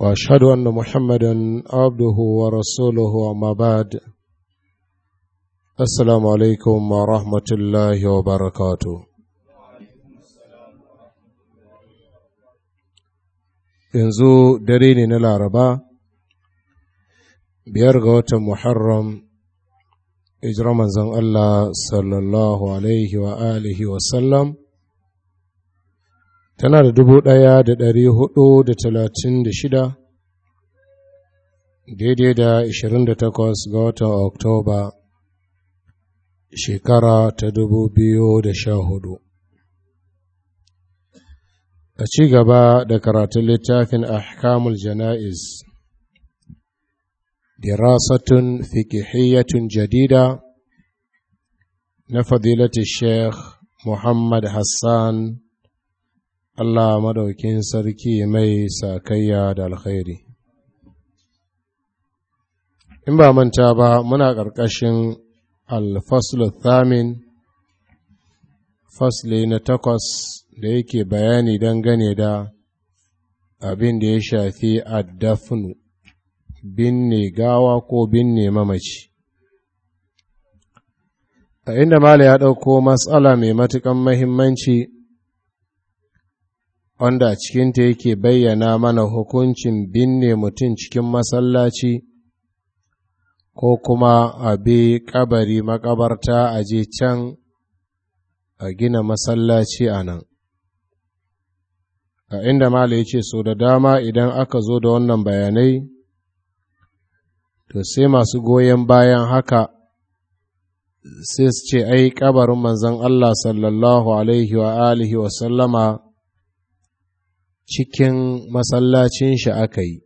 واشهد ان محمدا عبده ورسوله اما بعد السلام عليكم ورحمه الله وبركاته yanzu dare ne na laraba biyar ga watan muharram ijira manzon allah sallallahu alaihi wa alihi wasallam tana da dubu ɗaya da ɗari hudu da talatin da shida daidai da ashirin da takwas ga watan oktoba shekara ta dubu biyu da sha hudu a ci gaba da karatun littafin ahkamul jana'iz fikihiyatun jarida na fadilatun shekh Muhammad Hassan. Allah madaukin sarki mai sakayya da alkhairi. In ba manta ba muna ƙarƙashin alfaslu thamin fasli na takwas da yake bayani dangane da abin da ya shafi addafnu binne gawa ko binne mamaci. A inda Mala ya ɗauko matsala mai matuƙan mahimmanci wanda a cikinta yake bayyana mana hukuncin binne mutum cikin masallaci ko kuma a bi kabari makabarta a je can a gina masallaci a nan a inda mala ya ce so da dama idan aka zo da wannan bayanai to sai masu goyon bayan haka sai su ce ai kabarin manzon Allah sallallahu alaihi wa alihi wa sallama cikin masallacin shi aka yi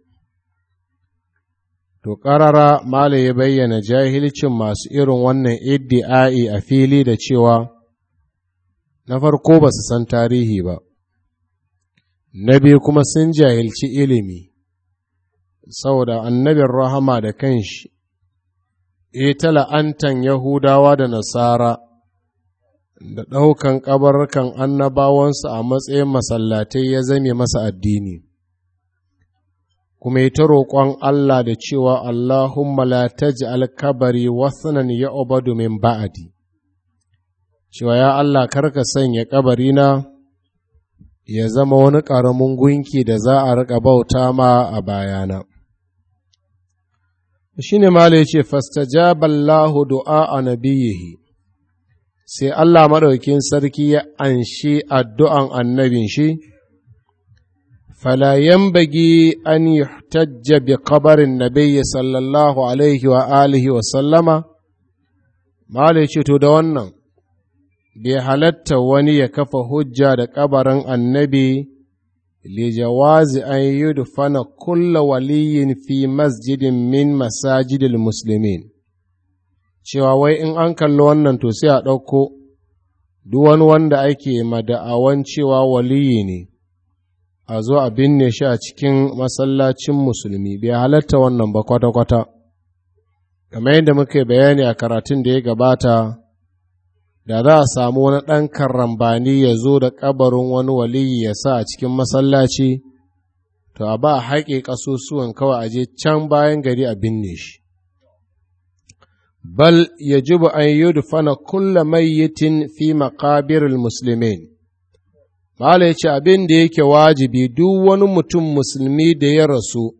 to ƙarara Malam ya bayyana jahilcin masu irin wannan iddi'ai a fili da cewa na farko ba su san tarihi ba na biyu kuma sun jahilci ilimi saboda annabin rahama da kanshi e ta la'antan yahudawa da nasara da ɗaukan ƙabarkan annabawansu a matsayin masallatai ya zame masa addini kuma yi ta roƙon Allah da cewa Allahumma la alkabari kabari wasanan ya obadu min ba'adi cewa ya Allah karka sanya kabarina ya zama wani ƙaramin gunki da za a riƙa bauta ma a bayana shi ne mala ya ce ballahu du'a a nabiyihi sai Allah maɗaukin sarki ya anshi addu'an annabin shi, falayen bagi an yi tajja bi kabarin nabiya sallallahu alaihi wa alihi wa sallama, ce to da wannan, bai halatta wani ya kafa hujja da kabarin annabi lijawazi an yi dufana kulla waliyin fi masjidin min masajidil musulmin. cewa wai in an kalli wannan to sai a ɗauko duk wani wanda ake mada'awan cewa waliyi ne a zo a binne shi a cikin masallacin musulmi bai halatta wannan ba kwata-kwata kamar yadda muka bayani a karatun da ya gabata da za a samu wani ɗan karambani ya zo da ƙabarin wani waliyi ya sa a cikin masallaci to a ba a haƙe ƙasusuwan kawai a je can bayan gari a binne shi bal yajibu an yudfana kulla mai fi maqabiril muslimin Mala ya ce abin da yake wajibi duk wani mutum musulmi da ya rasu,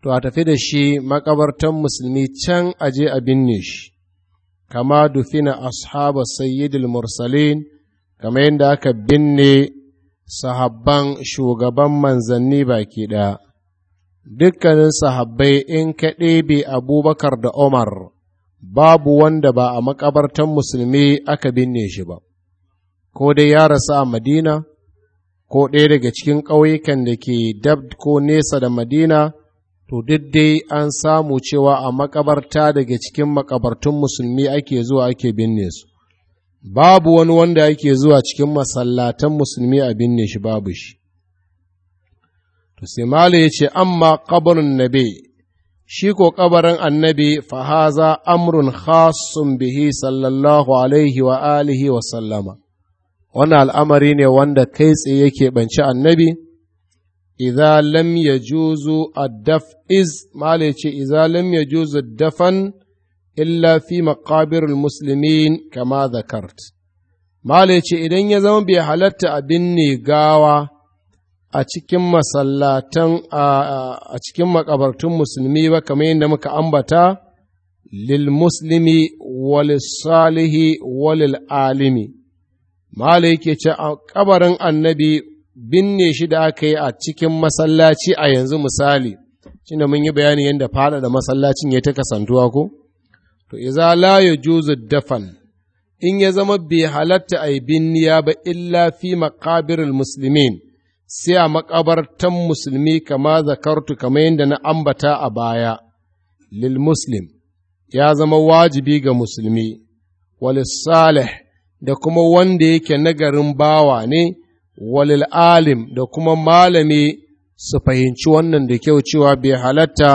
to a tafi da shi makabartan musulmi can a aje a binne shi, kama dufina ashaba sayyidul mursalin, kama yadda aka binne sahabban shugaban manzanni baki ɗaya. Dukkanin sahabbai in ka ɗebe Abubakar da Umar, babu wanda ba a makabartan musulmi aka binne shi ba, ko dai ya rasu a Madina, ko ɗaya daga cikin ƙauyukan da ke dab ko nesa da Madina, to duk dai an samu cewa a makabarta daga cikin makabartun musulmi ake zuwa ake binne su. Babu wani wanda ake zuwa cikin masallatan musulmi a binne shi babu shi. To sai ya ce, amma ƙabarin nabe shi ko kabarin annabi fahaza amrun khasun bihi sallallahu alaihi wa alihi wa sallama wannan al'amari ne wanda kai tsaye yake banci annabi idza lam yajuzu ad-daf iz male ce idza lam yajuzu dafan illa fi maqabirul muslimin kama zakart male ce idan ya zama bai halatta abin ne gawa a cikin masallatan a cikin makabartun musulmi ba kamar yadda muka ambata lil muslimi wal salihi wal alimi mala yake ce a kabarin annabi binne shi da aka yi a cikin masallaci a yanzu misali da mun yi bayani yadda fada da masallacin ya ta kasantuwa ko to iza la ya juzu dafan in ya zama bai halatta a binniya ba illa fi maqabiril muslimin sai a makabartan musulmi kama zakartu kama yadda na ambata a baya, lil muslim ya zama wajibi ga musulmi, walis salih da kuma wanda yake nagarin bawa ne, walil alim da kuma malami su fahimci wannan da kyau cewa bai halatta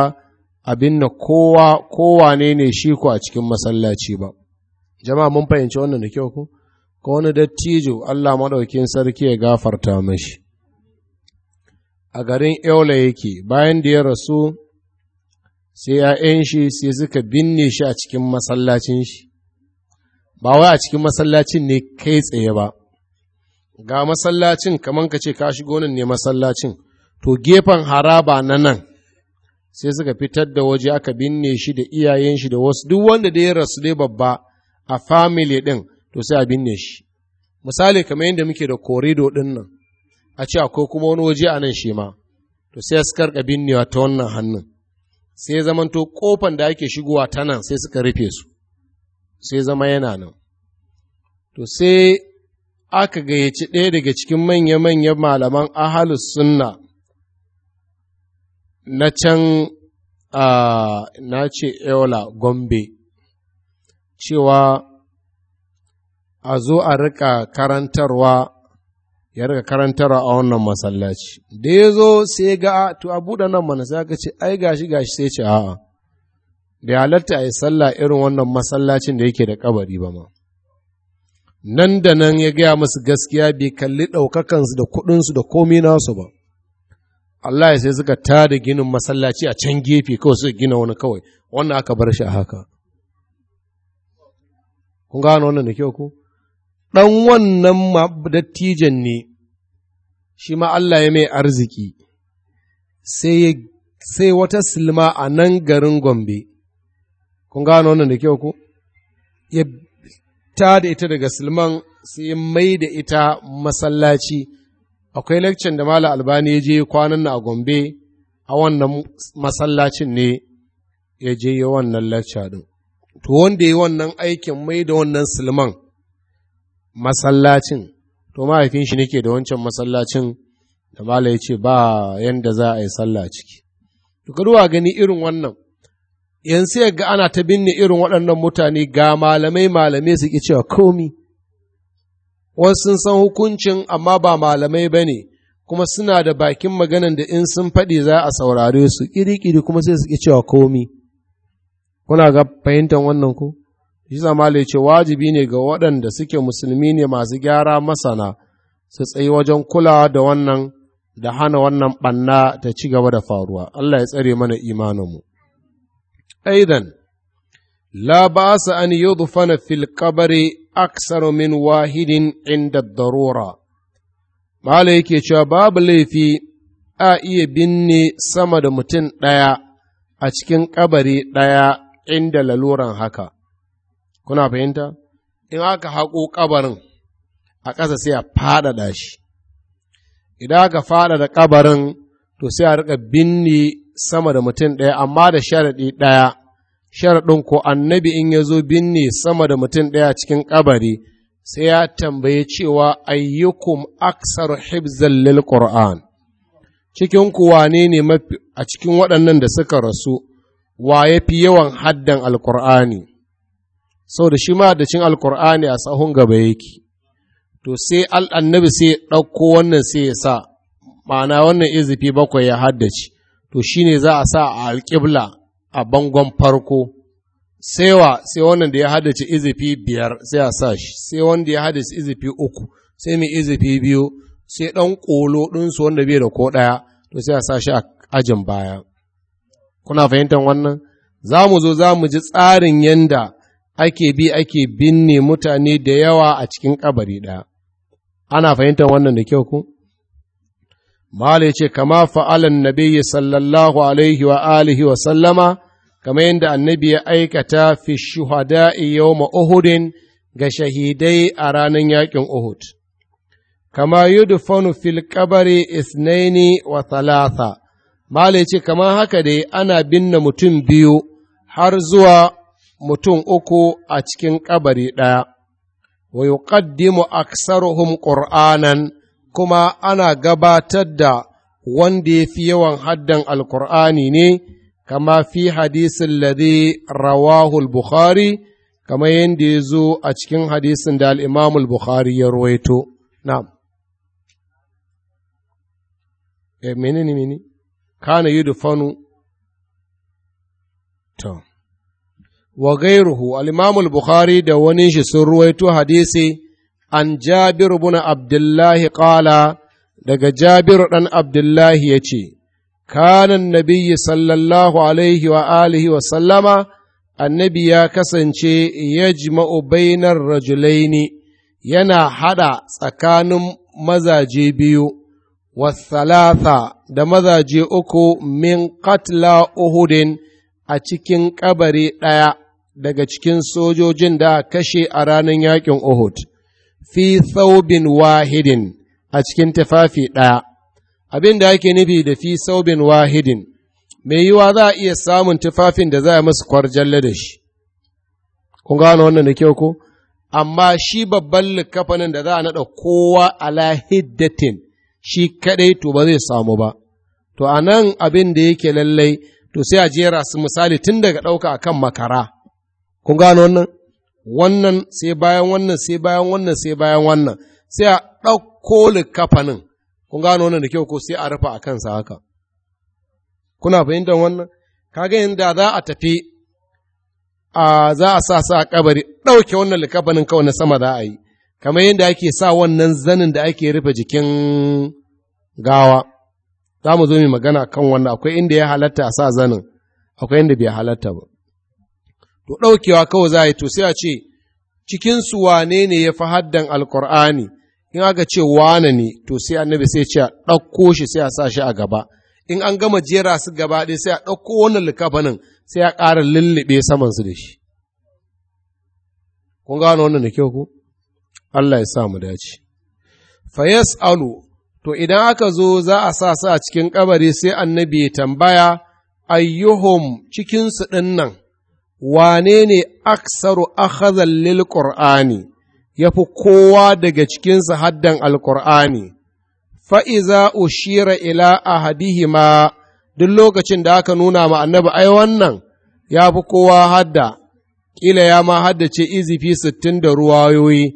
abin da kowa kowa ne ne shi ku a cikin masallaci ba. Jama'a mun fahimci wannan da kyau ku? Ko wani dattijo Allah maɗaukin sarki ya gafarta mashi. a garin Eula yake bayan da ya rasu sai ‘ya'yan shi sai suka binne shi a cikin masallacin shi, ba wai a cikin masallacin ne kai tsaye ba, ga masallacin kamar ka ce ka shigo nan ne masallacin, to gefen haraba na nan sai suka fitar da waje aka binne shi da iyayen shi da wasu duk wanda da ya rasu dai babba a family ɗin to sai a binne shi. Misali kamar yadda muke da korido ɗin nan. a ce akwai kuma wani waje a nan shi ma to sai suka rika binnewa ta wannan hannun sai ya zamanto kofan da ake shigowa ta nan sai suka rufe su sai zama yana nan to sai aka gayyaci ɗaya daga cikin manya-manyan malaman ahalus sunna na can na ce eola gombe cewa a zo a rika karantarwa ya daga karantara a wannan masallaci da ya zo sai ga to a buɗe nan mana sai aka ce ai gashi gashi sai ce a'a da halatta a yi sallah irin wannan masallacin da yake da kabari ba ma nan da nan ya gaya musu gaskiya bai kalli ɗaukakansu da kuɗinsu da komi nasu ba Allah ya sai suka da ginin masallaci a can gefe kawai suka gina wani kawai wannan aka bar shi a haka kun gano wannan da kyau ko dan wannan dattijan ne shi ma Allah ya mai arziki, sai wata silma a nan garin Gombe, kun gano wannan da kyau ku? Ya ta da ita daga silman sai ya mai da ita masallaci, akwai lakcin da Mala Albani ya je kwanan na a Gombe a wannan masallacin ne ya je ya wannan lacca din. To wanda ya wannan aikin mai da wannan silman masallacin. to mahaifin shi nake da wancan masallacin da mala ya ce ba yanda za a yi sallah ciki to ka gani irin wannan yanzu ya ga ana ta binne irin waɗannan mutane ga malamai malamai su ki cewa komi wasu sun san hukuncin amma ba malamai ba ne kuma suna da bakin maganan da in sun faɗi za a saurare su ƙiri-ƙiri kuma sai su ki cewa komi kuna ga fahimtar wannan ko zama le ce wajibi ne ga waɗanda suke musulmi ne masu gyara masana su tsayi wajen kulawa da wannan da hana wannan ɓanna ta ci gaba da faruwa. Allah ya tsare mana imaninmu. Aidan, la ba an yi dufana fil kabari aksaru min wahidin inda darura. Mala yake cewa babu laifi a iya binne sama da mutum ɗaya a cikin kabari ɗaya inda laluran haka. kuna fahimta in aka haƙo ƙabarin a ƙasa sai a faɗaɗa shi idan aka faɗaɗa kabarin to sai a riƙa binne sama da mutum ɗaya amma da sharaɗi ɗaya sharaɗin ko annabi in ya zo binne sama da mutum ɗaya cikin ƙabari, sai ya tambaye cewa ayyukum aksar hibzan lil qur'an cikin ne mafi a cikin waɗannan da suka rasu wa ya fi yawan haddan Alƙur'ani? Sau da shi ma da cin alkur'ani a sahun gaba yake to sai annabi sai ɗauko wannan sai ya sa ma'ana wannan izifi bakwai ya haddace to shi ne za a sa a alƙibla a bangon farko sai wa sai wannan da ya haddace izifi biyar sai a sa shi sai wanda ya haddace izifi uku sai mai izifi biyu sai ɗan ƙolo ɗinsu wanda bai da ko ɗaya to sai a sa shi a ajin baya kuna fahimtar wannan za mu zo za mu ji tsarin yanda ake bi ake binne mutane da yawa a cikin kabari ɗaya. Ana fahimtar wannan da kyau ku? Mala ya ce, kama fa'alan nabi sallallahu alaihi wa alihi wa sallama, kama yadda annabi ya aikata fi shuhada'i yau ma'uhudin ga shahidai a ranar yakin Uhud. Kama yudufanu fil kabari isnaini wa talata, Mala ce, kama haka dai ana binne mutum biyu har zuwa mutum uku a cikin kabari ɗaya, wa yuqaddimu aksaruhum ƙur'anan kuma ana gabatar da wanda ya fi yawan haddan alƙur'ani ne, kama fi hadisin ladhi rawahul Bukhari, kama yadda ya zo a cikin hadisin da al'imamul Bukhari ya ruwaito. Na'am. E, eh, ne mene? Kana yi dufanu? To. wa gairuhu al bukhari da wani shi sun ruwaito hadisi an Jabir ibn Abdullahi qala daga Jabiru ɗan Abdullahi yace kana nabiyyi sallallahu alaihi wa alihi wa sallama annabi ya kasance yajma'u bainar rajulaini yana haɗa tsakanin mazaje biyu wa salasa, da mazaje uku min katla uhudin a cikin kabari ɗaya daga cikin sojojin da kashe a ranar yakin Uhud, fi saubin wahidin a cikin tafafi ɗaya, abin da ake nufi da fi saubin wahidin, mai yiwa za a iya samun tufafin da za a masu kwarjalle da shi. Kun gano wannan da kyau ko? Amma shi babban likafanin da za a naɗa kowa ala hiddatin shi kaɗai to ba zai samu ba. To a nan abin da yake lallai to sai a jera su misali tun daga ɗauka akan makara. Kun gano wannan? Wannan sai bayan wannan sai bayan wannan sai bayan wannan sai a ɗauko likafanin. Kun gano wannan da kyau ko sai a rufa a kansa haka. Kuna fahimtar wannan? Ka ga yadda za a tafi a za a sa sa a kabari ɗauke wannan likafanin kawai na sama za a yi. Kamar yadda ake sa wannan zanin da ake rufe jikin gawa. Za mu zo mai magana kan wannan akwai inda ya halatta a sa zanin, akwai inda bai halatta ba. to ɗaukewa kawai za a yi to sai a ce cikinsu wane ne ya fi haddan alkur'ani in aka ce wane ne to sai annabi sai ce a ɗauko shi sai a sa shi a gaba in an gama jera su gaba ɗaya sai a ɗauko wannan likafanin sai a ƙara lullube samansu da shi kun gano wannan da kyau ko? Allah ya sa mu dace fa yas'alu to idan aka zo za a sa su a cikin kabari sai annabi ya tambaya ayyuhum cikinsu ɗinnan. nan wane ne aksaru akhadhal lil qur'ani yafi kowa daga cikinsa haddan alqur'ani fa iza ushira ila ahadihima duk lokacin da aka nuna ma annabi ai wannan ya fi kowa hadda ƙila ya ma haddace izifi sittin da ruwayoyi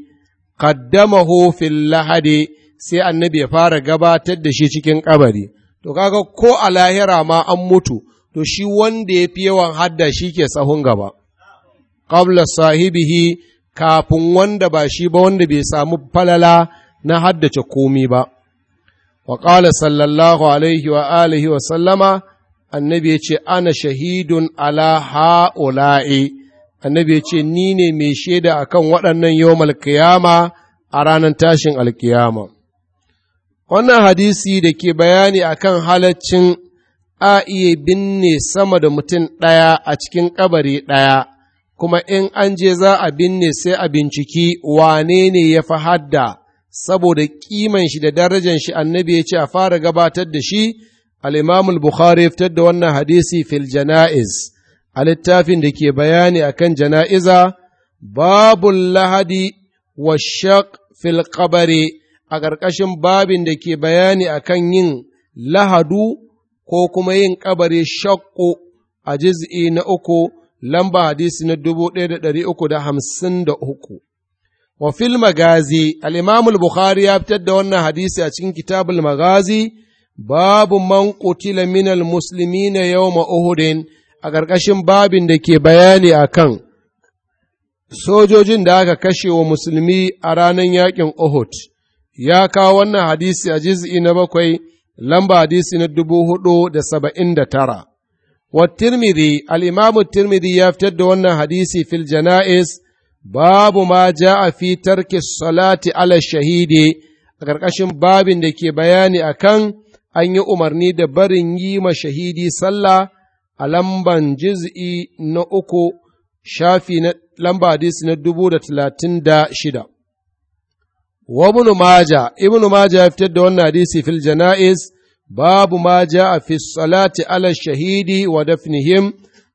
qaddamahu fil lahadi sai annabi ya fara gabatar da shi cikin kabari to kaga ko a lahira ma an mutu to shi wanda ya fi yawan hadda shi ke sahun gaba ƙabla sahibihi kafin wanda ba shi ba wanda bai samu falala na haddace komi ba wa ƙala sallallahu alaihi wa alihi wa sallama annabi ya ce ana shahidun ala ha'ula'i annabi ya ce ni ne mai shaida akan waɗannan yawmal qiyama a ranar tashin alkiyama wannan hadisi da ke bayani akan halaccin a iya binne sama da mutum ɗaya a cikin ƙabari ɗaya, kuma in an je za a binne sai a binciki wane ne ya fi hadda, saboda ƙiman shi da darajan shi annabi ya ce a fara gabatar da shi, al'imamul Bukhari fitar da wannan hadisi fil jana'iz, a littafin da ke bayani akan jana'iza, babul lahadi wa shaq fil a ƙarƙashin babin da ke bayani akan yin lahadu ko kuma yin kabari shakku a jiz'i na uku lamba hadisi na dubu ɗaya da ɗari uku da hamsin da uku. Wa fil magazi, al'imamul Bukhari ya fitar da wannan hadisi a cikin kitabul magazi, babu man qutila minal na yau ma'uhudin a ƙarƙashin babin da ke bayani a kan sojojin da aka kashe wa musulmi a ranar yaƙin Uhud. Ya kawo wannan hadisi a jiz'i na bakwai lamba hadisi na dubu hudu da saba'in da tara. Wa al’imamu Tirmidhi ya fitar da wannan hadisi fil jana’is, babu ma ja a fitar ke salati ala shahidi a ƙarƙashin babin da ke bayani a kan an yi umarni da barin yi ma shahidi sallah a lamban jiz'i na uku shafi na lamba hadisi na dubu da talatin da shida. wa ibn maja ibn maja ya fitar da wannan hadisi fil janaiz babu maja a fi salati ala shahidi wa dafnihim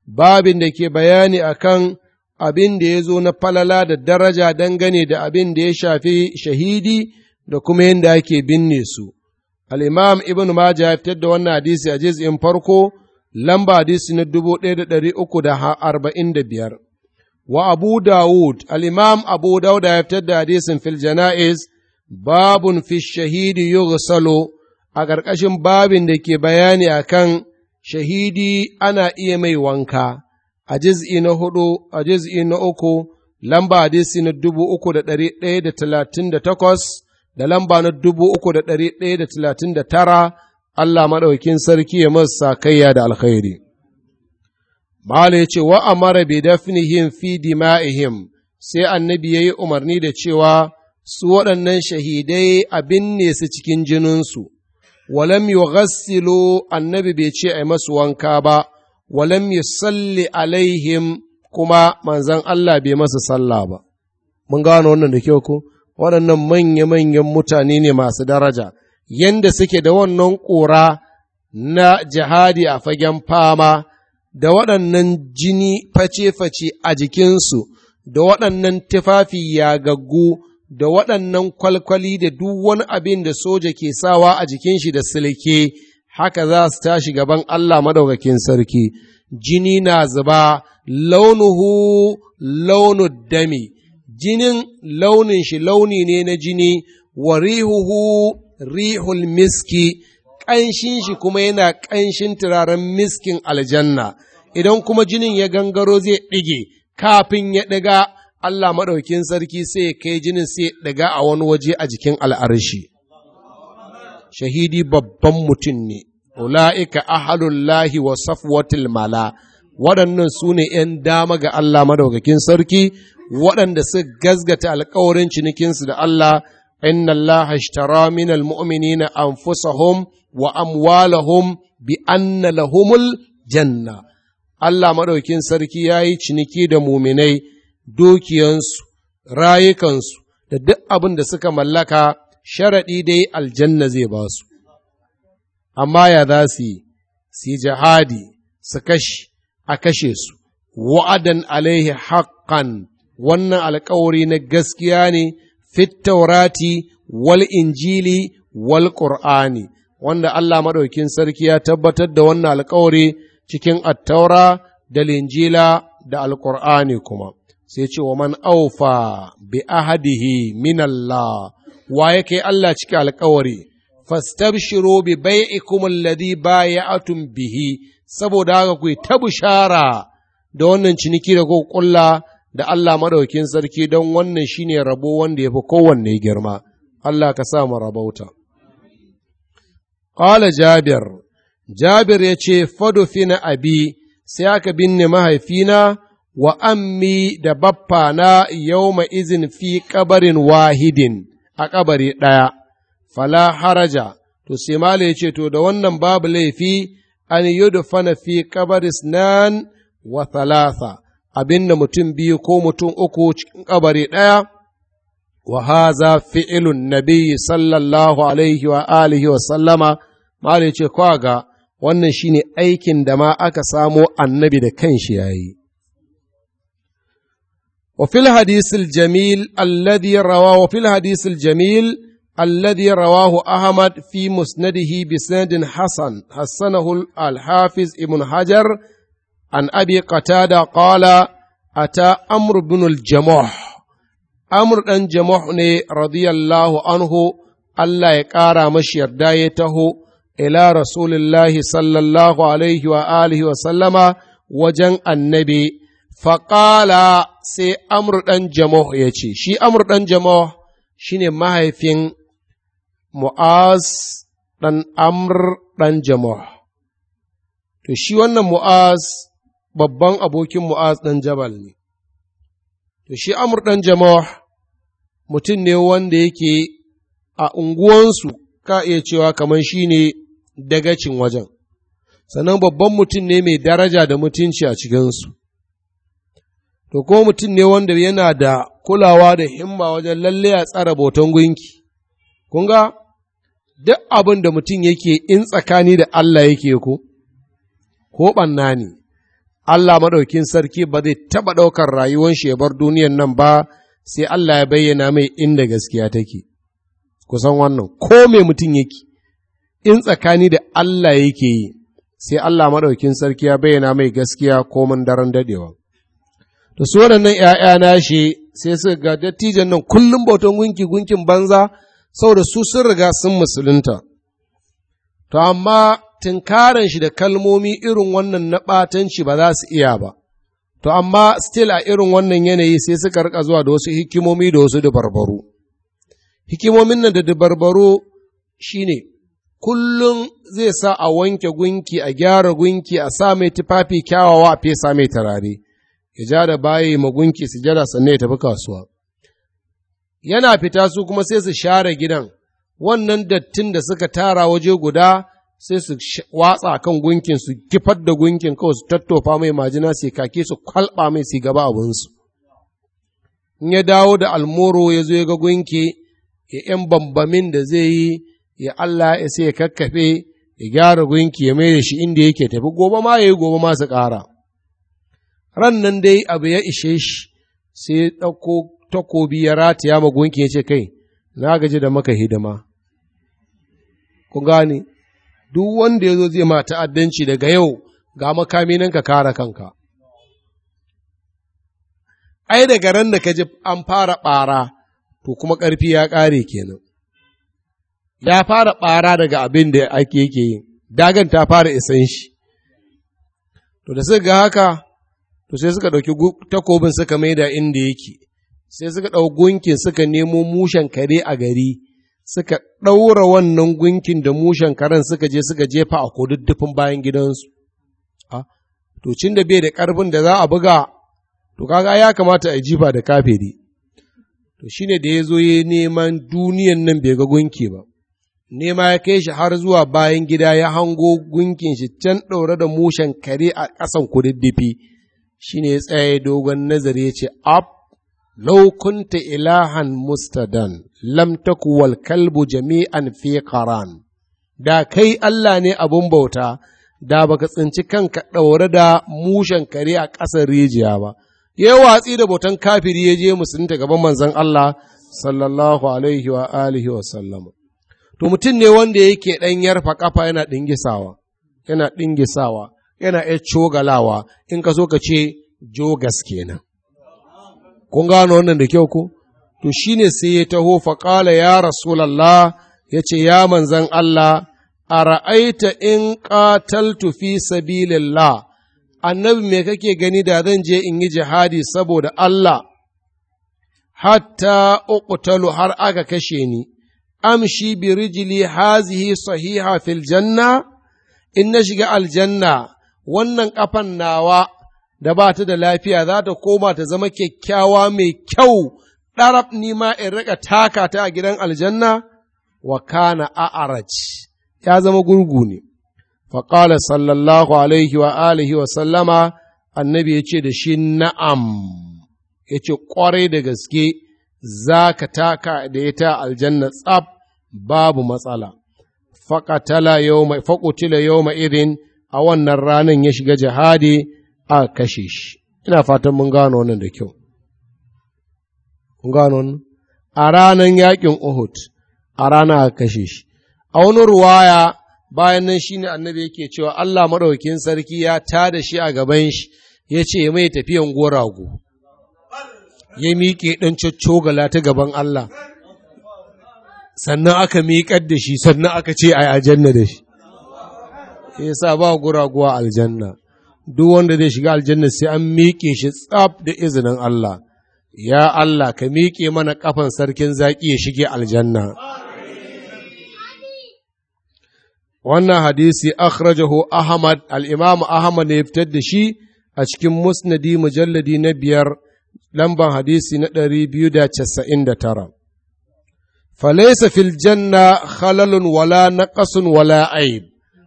babin da ke bayani akan abin da ya zo na falala da daraja dangane da abin da ya shafi shahidi da kuma yadda ake binne su al-imam ibn maja ya fitar da wannan hadisi a juz'in farko lamba hadisi na biyar. wa abu dawud al-imam abu dawud ya fitar da hadisin fil babun fi shahidi Salo, a ƙarƙashin babin da ke bayani a kan shahidi ana iya mai wanka a jiz'i na hudu a uku lamba hadisi na dubu uku da ɗari ɗaya da talatin da takwas da lamba na dubu uku da ɗari ɗaya da talatin da tara Allah maɗaukin sarki ya masa kayya da alkhairi. Bale ya ce, wa amara bi dafnihim fi dima'ihim, sai annabi ya yi umarni da cewa su waɗannan shahidai a binne su cikin jininsu, walam yughassilu annabi bai ce a yi masu wanka ba, walam salli alaihim kuma manzan Allah bai masu sallah ba. Mun gano wannan da kyau ko? Waɗannan manya-manyan mutane ne masu daraja, yanda suke da wannan ƙura na jihadi a fagen fama. da waɗannan jini face-face a jikinsu, da waɗannan tufafi ya gaggu, da waɗannan kwalkwali da duk wani abin da soja ke sawa a jikin shi da silke, haka za su tashi gaban Allah madaukakin sarki, jini na zuba launuhu launu dami, jinin launin shi launi ne na jini, wa rihuhu rihul miski, ƙanshin shi kuma yana ƙanshin turaren miskin aljanna. idan kuma jinin ya gangaro zai ɗige, kafin ya ɗiga Allah maɗaukin sarki sai ya kai jinin sai ya ɗiga a wani waje a jikin al'arshi. Shahidi babban mutum ne, ula'ika ahalullahi wa safwatil mala, waɗannan su ne ‘yan dama ga Allah maɗaukakin sarki, waɗanda su gazgata alkawarin cinikinsu da Allah, inna Allah ashtara min anfusahum wa amwalahum bi anna lahumul janna Allah maɗaukin sarki ya yi ciniki da muminai dukiyansu, rayukansu, da duk abin da suka mallaka sharaɗi dai aljanna zai ba su. Amma ya za su yi, su yi jihadi, su kashe, a kashe su, wa'adan alaihi haƙƙan wannan alƙawari na gaskiya ne fit taurati wal injili wal ƙur'ani, wanda Allah maɗaukin sarki ya tabbatar da wannan alƙawari. cikin attaura da linjila da alkur'ani kuma sai ce wa man aufa bi ahadihi min Allah wa yake Allah ciki alkawari fastabshiru bi bai'ikum alladhi bay'atum bihi saboda haka ku ta bushara da wannan ciniki da kuka kulla da Allah madaukin sarki don wannan shine rabo wanda yafi kowanne girma Allah ka sa mu rabauta qala jabir Jabir ya ce, Fadufina abi, sai aka binne mahaifina wa ammi da yau yauma izin fi kabarin wahidin a kabari ɗaya, fala haraja, to sai mala ya ce, To, da wannan babu laifi an yi dufana fi kabaris nan wa thalatha, da mutum biyu ko mutum uku cikin kabari ɗaya, wa haza fi'ilun nabi sallallahu alaihi wa alihi wa sallama, Mala ya ce, Kwa ga, wannan shine aikin da ma aka samo annabi da kanshi yayi وفي الحديث الجميل الذي رواه وفي الحديث الجميل الذي رواه أحمد في مسنده بسند حسن حسنه الحافظ ابن حجر عن أبي قتادة قال أتى أمر بن الجموح أمر بن جموح رضي الله عنه الله يقارى مشير دايته Ela rasulillahi sallallahu alaihi wa alihi wa sallama wajen annabi faƙala sai amur ɗan jamo ya ce shi amur ɗan jamo shi ne mahaifin mu'az ɗan amur ɗan jamo to shi wannan mu'az babban abokin mu'az ɗan jabal ne to shi amur ɗan jamo mutum ne wanda yake a unguwansu ka iya cewa kamar shine. dagacin wajen, sannan babban mutum ne mai daraja da mutunci a cikinsu. To, ko mutum ne wanda yana da kulawa da himma wajen lalle a tsara boton gunki, kun duk abin da mutum yake in tsakani da Allah yake ko, ko ɓanna ne, Allah maɗaukin sarki ba zai taɓa ɗaukar rayuwar shi ya bar duniyan nan ba sai Allah ya bayyana mai inda gaskiya take, kusan wannan, ko me mutum yake. in tsakani da Allah yake yi sai Allah maɗaukin sarki ya bayyana mai gaskiya ko mun daren dadewa da su waɗannan ‘ya'ya na shi sai suka ga dattijan nan kullum bautan gunki gunkin banza saboda su sun riga sun musulunta to amma tunkaran shi da kalmomi irin wannan na ɓatanci ba za su iya ba to amma still a irin wannan yanayi sai suka rika zuwa da wasu hikimomi da wasu dabarbaru hikimomin nan da dabarbaru ne. kullum zai sa a wanke gunki a gyara gunki a sa mai tufafi kyawawa a fesa mai tarare ya ja da bayi ma gunki su jada sannan ya tafi kasuwa yana fita su kuma sai su share gidan wannan dattin da suka tara waje guda sai su watsa kan gunkin su kifar da gunkin kawai su tattofa mai majina sai kake su kwalba mai su gaba abinsu in ya dawo da almoro ya zo ya ga gunki ya ‘yan bambamin da zai yi ya Allah ya sai ya kakkafe ya gyara gunki ya mai da shi inda yake tafi gobe ma yayi gobe ma su ƙara ran nan dai abu ya ishe shi sai ɗauko takobi ya rataya ma gunki ya ce kai na gaji da maka hidima ku gane duk wanda ya zo zai ma ta'addanci daga yau ga makami nan ka kare kanka ai daga ran da ka ji an fara ɓara to kuma ƙarfi ya ƙare kenan ya fara ɓara daga abin da ake yake yi dagan ta fara isan shi to da suka ga haka to sai suka ɗauki takobin suka da inda yake sai suka ɗau gunkin suka nemo mushen kare a gari suka ɗaura wannan gunkin da mushen karen suka je suka jefa a kududdufin bayan gidansu to cin da bai da ƙarfin da za a buga to kaga ya kamata a jifa da kafiri to shine da ya zo ya neman duniyan nan bai ga gunki ba nema ya kai shi har zuwa bayan gida ya hango gunkin shi can ɗaure da mushen kare a ƙasan kududdufi shi ne tsaye dogon nazari ya ce ab laukunta ilahan mustadan lam takuwal kalbu jami'an fi karan da kai Allah ne abun bauta da baka tsinci kanka ɗaure da mushen kare a ƙasar rijiya ba ya watsi da bautan kafiri ya je musulunta gaban manzon Allah sallallahu alaihi wa alihi wa sallama to mutum ne wanda yake ɗan yarfa ƙafa yana ɗingisawa, yana ɗingisawa, yana iya cogalawa in ka so ka ce jogas kenan. Kun gano wannan da kyau ko? To shi ne sai ya taho faƙala ya Rasulallah ya ce ya manzan Allah, a ra'aita in ƙataltu fi sabilillah annabi me kake gani da zan je in yi jihadi saboda Allah, hatta uƙutalu har aka kashe ni. amshi bi rijli hazihi sahiha fil janna in na shiga aljanna wannan kafan nawa da ba ta da lafiya za ta koma ta zama kyakkyawa mai kyau ɗarab ni ma in rika taka ta a gidan aljanna wa kana a'araj ya zama gurgu ne faƙala sallallahu alaihi wa alihi wa sallama annabi ya ce da shi na'am ya ce ƙwarai da gaske za ka taka da ita aljanna tsab babu matsala. Faƙatala yau mai faƙutila yau mai irin a wannan ranar ya shiga jihadi a kashe shi. Ina fatan mun gano wannan da kyau. Mun gano wannan? A ranar yaƙin Uhud, a ranar a kashe shi. A wani ruwaya bayan nan shi ne annabi yake cewa Allah maɗaukin sarki ya tada shi a gaban shi ya ce mai tafiyan gu. ya miƙe ɗan coccogala ta gaban Allah sannan aka miƙar da shi sannan aka ce a aljanna da shi yasa ba guraguwa aljanna duk wanda zai shiga aljanna sai an miƙe shi tsab da izinin Allah ya Allah ka miƙe mana ƙafan sarkin zaƙi ya shige aljanna wannan hadisi akhrajahu Ahmad al-Imam Ahmad ne fitar da shi a cikin Musnadi mujalladi na biyar lamban hadisi na ɗari biyu da casa'in da tara. Falaisa fil janna halalun wala na ƙasun wala aib,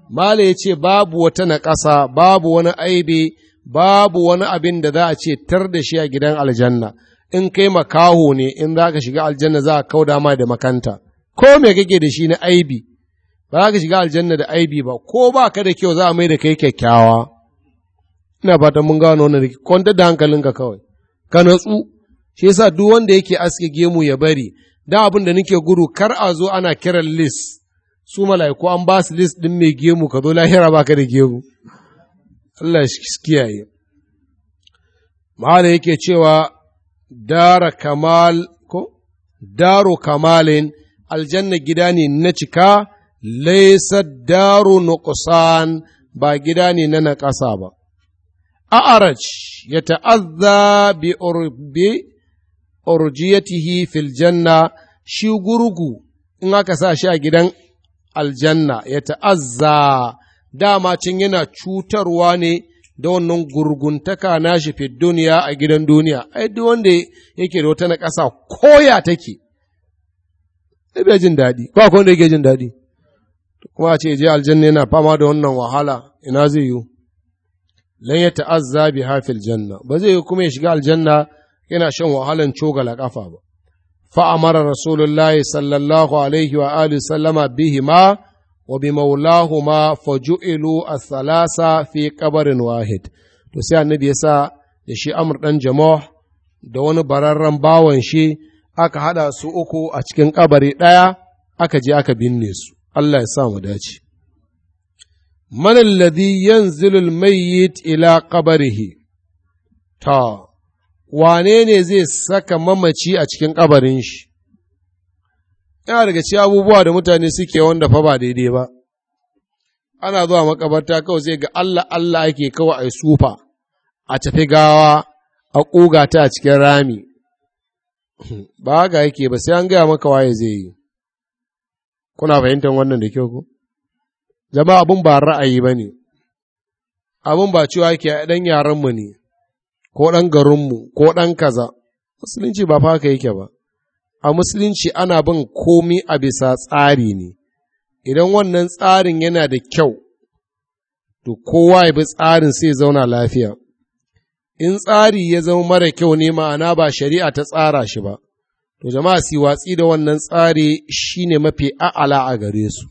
Mala ya ce babu wata na ƙasa, babu wani aibi, babu wani abin da za a ce tar da shi a gidan aljanna, in kai makaho ne in za ka shiga aljanna za a kauda ma da makanta, ko me kake da shi na aibi, ba za ka shiga aljanna da aibi ba, ko ba ka da kyau za a mai da kai kyakkyawa. Ina fatan mun gano wannan kwantar da hankalinka kawai. ka natsu shi yasa duk wanda yake aske gemu ya bari da abin da nake gudu kar a zo ana kiran list su mala'iku an ba su list din mai gemu ka zo lahira baka da gemu Allah shi kiyaye ma'ala yake cewa dara kamal ko daro kamalin aljanna gida ne na cika laisa daro nuqsan ba gida ne na naƙasa ba أعرج ya ta'azza bi urjiyatihi fil janna shi gurgu in aka sa shi a gidan aljanna ya ta'azza dama cin yana cutarwa ne da wannan gurguntaka nashi fi duniya a gidan duniya ai jin daɗi ba akwai wanda yake jin daɗi kuma a ce je aljanna yana fama da wannan wahala ina zai yiwu lan ya ta'azza bi hafil janna ba zai yi kuma ya shiga aljanna yana shan wahalan cogala kafa ba fa amara rasulullahi sallallahu alaihi wa alihi sallama ma wa bi fa faju'ilu as-salasa fi qabrin wahid to sai annabi ya sa da shi amr dan jama'a da wani bararren bawan shi aka hada su uku a cikin kabari daya aka je aka binne su Allah ya sa mu dace man alladhi yanzilu almayyit ila qabrihi ta wanene zai saka mamaci a cikin kabarin shi yana daga ci abubuwa da mutane suke wanda fa ba daidai ba ana zuwa makabarta kawai sai ga Allah Allah ake kawai a sufa a tafi gawa a ƙugata a cikin rami ba ga yake ba sai an gaya maka waye zai yi kuna fahimtar wannan da kyau ko Jama'a abin ba ra'ayi ba ne, abin ba cewa ke ɗan yarenmu ne, ko ɗan garinmu, ko ɗan kaza, musulunci ba fa yake ba, a musulunci ana bin komi a bisa tsari ne, idan wannan tsarin yana da kyau, to kowa ya bi tsarin sai zauna lafiya. In tsari ya zama mara kyau ne ma'ana ba shari'a ta tsara shi ba, to jama'a si watsi da wannan tsari shine mafi a'ala a gare su.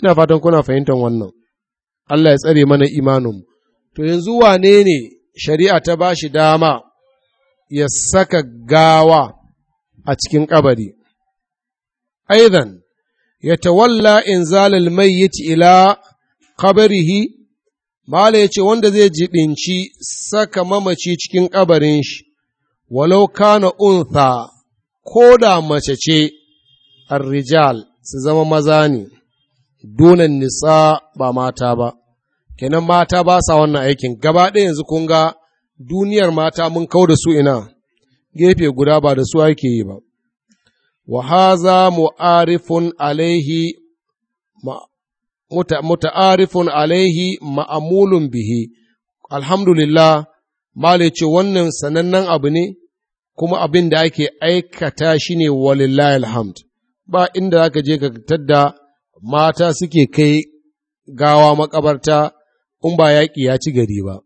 ina fatan kuna fahimtar wannan Allah ya tsare mana imanin to yanzu wane ne shari'a ta ba shi dama ya saka gawa a cikin ƙabari? aidan ya tawalla in inzalal Mai ila kabarihi mala ya ce wanda zai jibinci saka mamaci cikin kabarin shi walau kana untha ko da mace ce ar-rijal su zama maza ne dunan nisa ba mata ba, kenan mata ba sa wannan aikin, gaba ɗaya yanzu kun ga duniyar mata mun kau da su ina, gefe guda ba da su ake yi ba. Wa haza mu'arifun alaihi muta'arifun alaihi ma'amulun bihi, alhamdulillah, Male ce wannan sanannen abu ne, kuma abin da ake aikata shi ne walillahi alhamd, ba inda za ka je ka tadda mata suke kai gawa makabarta in ba yaƙi ya ci gari ba.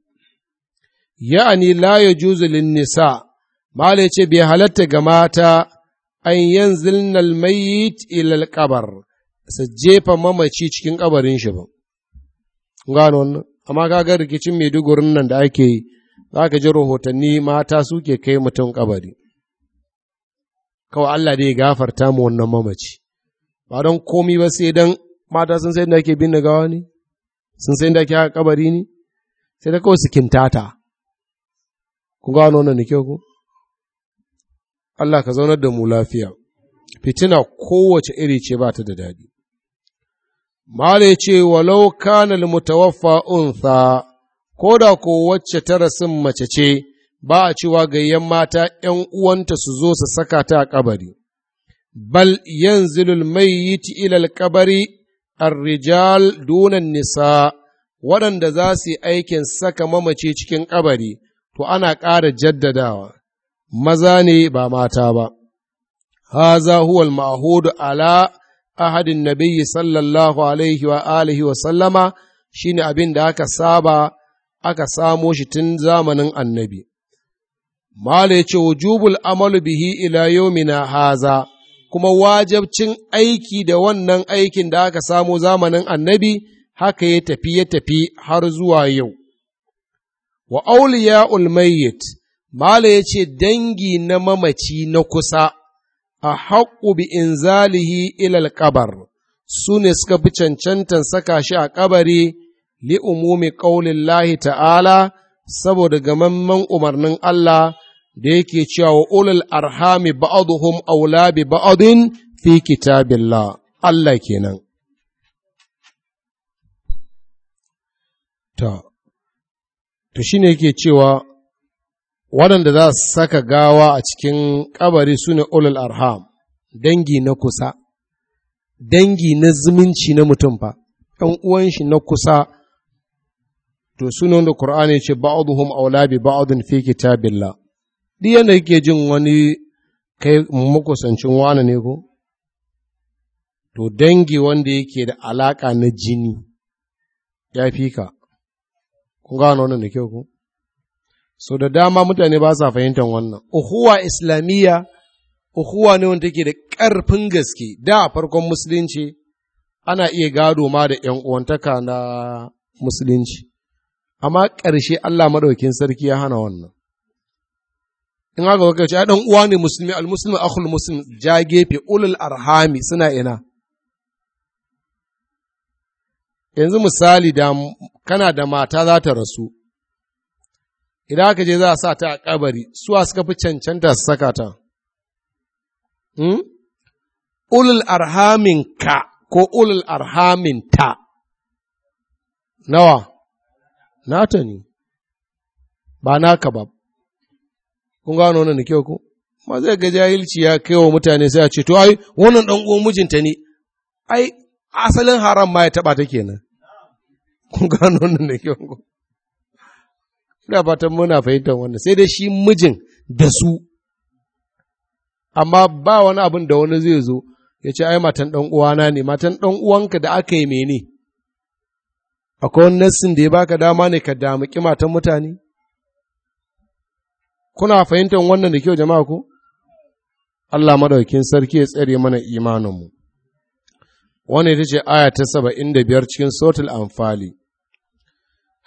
Ya'ani layo juzulin nisa, Mala ce bai halatta ga mata an yin zilnal mayit ilal kabar, su jefa mamaci cikin kabarin shi ba. Gano wannan, amma kaga rikicin Maidugurin nan da ake yi, za ka ji rahotanni mata suke kai mutum kabari. Kawai Allah dai gafarta mu wannan mamaci. ba don komi ba sai don mata sun sai da ake bin da gawa ne sun sai da ke haka kabari ne sai da kawai su kintata ku gano wannan da kyau ku Allah ka zaunar da mu lafiya fitina kowace iri ce ba ta da daɗi Mala ya ce, walau kanal mutawaffa untha ko da ko wacce ta mace ce, ba a cewa gayyan mata ’yan uwanta su zo su saka ta a kabari, bal yanzilul mayyiti ilal ƙabari ar-rijal dunan nisa waɗanda za su yi aikin saka mamaci cikin ƙabari, to ana ƙara jaddadawa maza ne ba mata ba haza huwa mahudu ala ahadin nabiyyi sallallahu alaihi wa alihi wa sallama shine abin da aka saba aka samo shi tun zamanin annabi mala ya ce wujubul amalu bihi ila yawmina haza kuma wajabcin aiki da wannan aikin da aka samo zamanin annabi haka ya tafi ya tafi har zuwa yau. Wa auliya ulmayyit, Mala ya ce dangi na mamaci na kusa a haƙu bi in zalihi ilal ƙabar, su ne suka fi cancantan saka shi a ƙabari li umumi ƙaunin ta'ala saboda gamamman umarnin Allah da yake cewa wa ulul arhami ba'aduhum aula bi ba'adin fi kitabillah Allah kenan ta to shine yake cewa waɗanda za su saka gawa a cikin kabari su ne ulul arham dangi na kusa dangi na zumunci na mutum fa ɗan uwan shi na kusa to sunan da Qur'ani ce ba'aduhum aula bi ba'dhin fi kitabillah duk yadda yake jin wani kai makusancin wani ne ko to dangi wanda yake da alaka na jini ya fi ka kun gano wani da kyau ko, so da dama mutane ba sa fahimtar wannan uhuwa islamiyya uhuwa ne wanda take da ƙarfin gaske da a farkon musulunci ana iya gado ma da ‘yan uwantaka na musulunci amma ƙarshe Allah maɗaukin sarki ya hana wannan in haka kuka ce dan uwa ne musulmi almuslimu akhul muslim ja gefe ulul arhami suna ina yanzu misali da kana da mata za ta rasu idan aka je za a sa ta a kabari suwa suka fi cancanta su saka ta hmm? ulul arhamin ka ko ulul arhamin ta nawa nata ne ba naka ba kun gano wannan da kyau ko ma zai ga jahilci ya kai wa mutane sai a ce to ai wannan dan uwan mijinta ne ai asalin haram ma ya taba ta kenan kun gano wannan da kyau ko ina fatan muna fahimtar wannan sai dai shi mijin da su amma ba wani abin da wani zai zo ya ce ai matan dan uwana ne matan dan uwanka da aka yi mene akwai wani nassin da ya baka dama ne ka kima matan mutane Kuna fahimtar wannan da kyau jama'a ku? Allah madaukin sarki ya tsare mana imaninmu. Wannan ta ce aya ta saba'in da biyar cikin sotil amfali.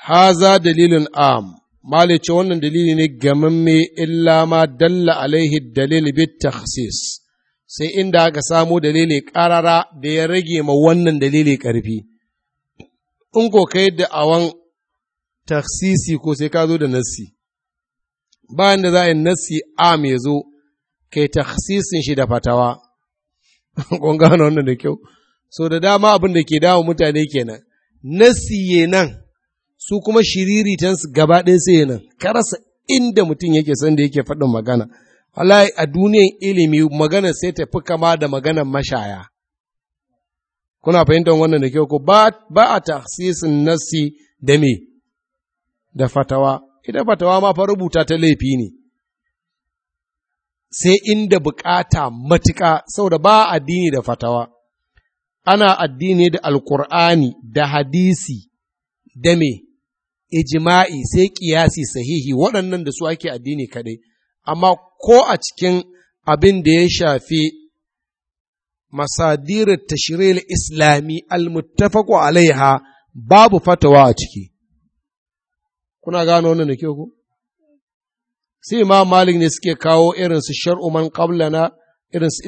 Haza dalilin am, ce wannan dalili ne gamamme illa ma dalla alaihi dalil bit takhsis. sai inda aka samo dalili ƙarara da ya rage ma wannan dalili ƙarfi. In ko kai da awan taksisi ko sai ka zo da nassi, bayan da za a yi nasi a mai zo kai taksisin shi da fatawa kun gano wannan da kyau so da dama abin da ke dawo mutane kenan nasi ye nan su kuma su gaba ɗaya sai nan karasa inda mutum yake san da yake faɗin magana wallahi a duniyan ilimi magana sai ta fi kama da maganar mashaya kuna fahimtar wannan da kyau ko ba a tahsisin nasi da me da fatawa ita fatawa ma fa rubuta ta laifi ne, sai inda bukata matuka saboda ba addini da fatawa, ana addini da alkur'ani da hadisi da me, ijima'i sai ƙiyasi sahihi waɗannan da su ake addini kaɗai, amma ko a cikin abin da ya shafi masadirar tashiril islami al-muttafaku alaiha babu fatawa a ciki Kuna gano wannan da kyau ku? Sai ma Malik ne suke kawo irin su shar'u man qablana irin su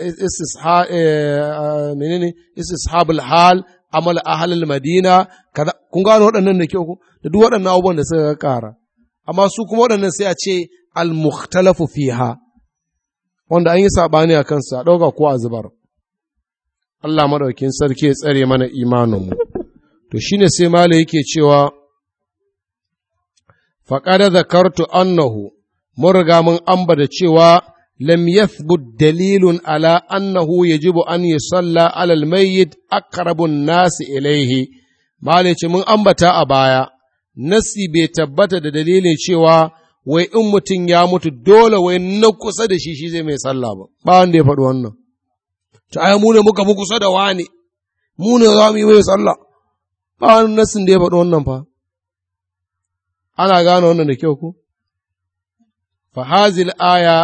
istisha eh, menene istishabul hal amal ahlul madina kaza kun gano waɗannan da kyau ku da duk waɗannan abubuwan da suka kara amma su kuma waɗannan sai a ce al-mukhtalafu fiha wanda an yi ne a kansu a ɗauka ko a zubar. Allah maɗaukin sarki ya tsare mana imaninmu. To shine sai malai yake cewa, faƙada zakartu annahu mun riga mun ambata cewa lam yathbut dalilun ala annahu yajibu an yusalla ala almayyit aqrabun nasi ilaihi malice mun ambata a baya nasi bai tabbata da dalilin cewa wai in mutum ya mutu dole wai na kusa da shi shi zai mai sallah ba ba wanda ya faɗi wannan ta ai mu ne muka fi kusa da wani mu ne za mu yi mai sallah ba wani nasin da ya faɗi wannan fa ana gane wannan da kyau ku fahazil aya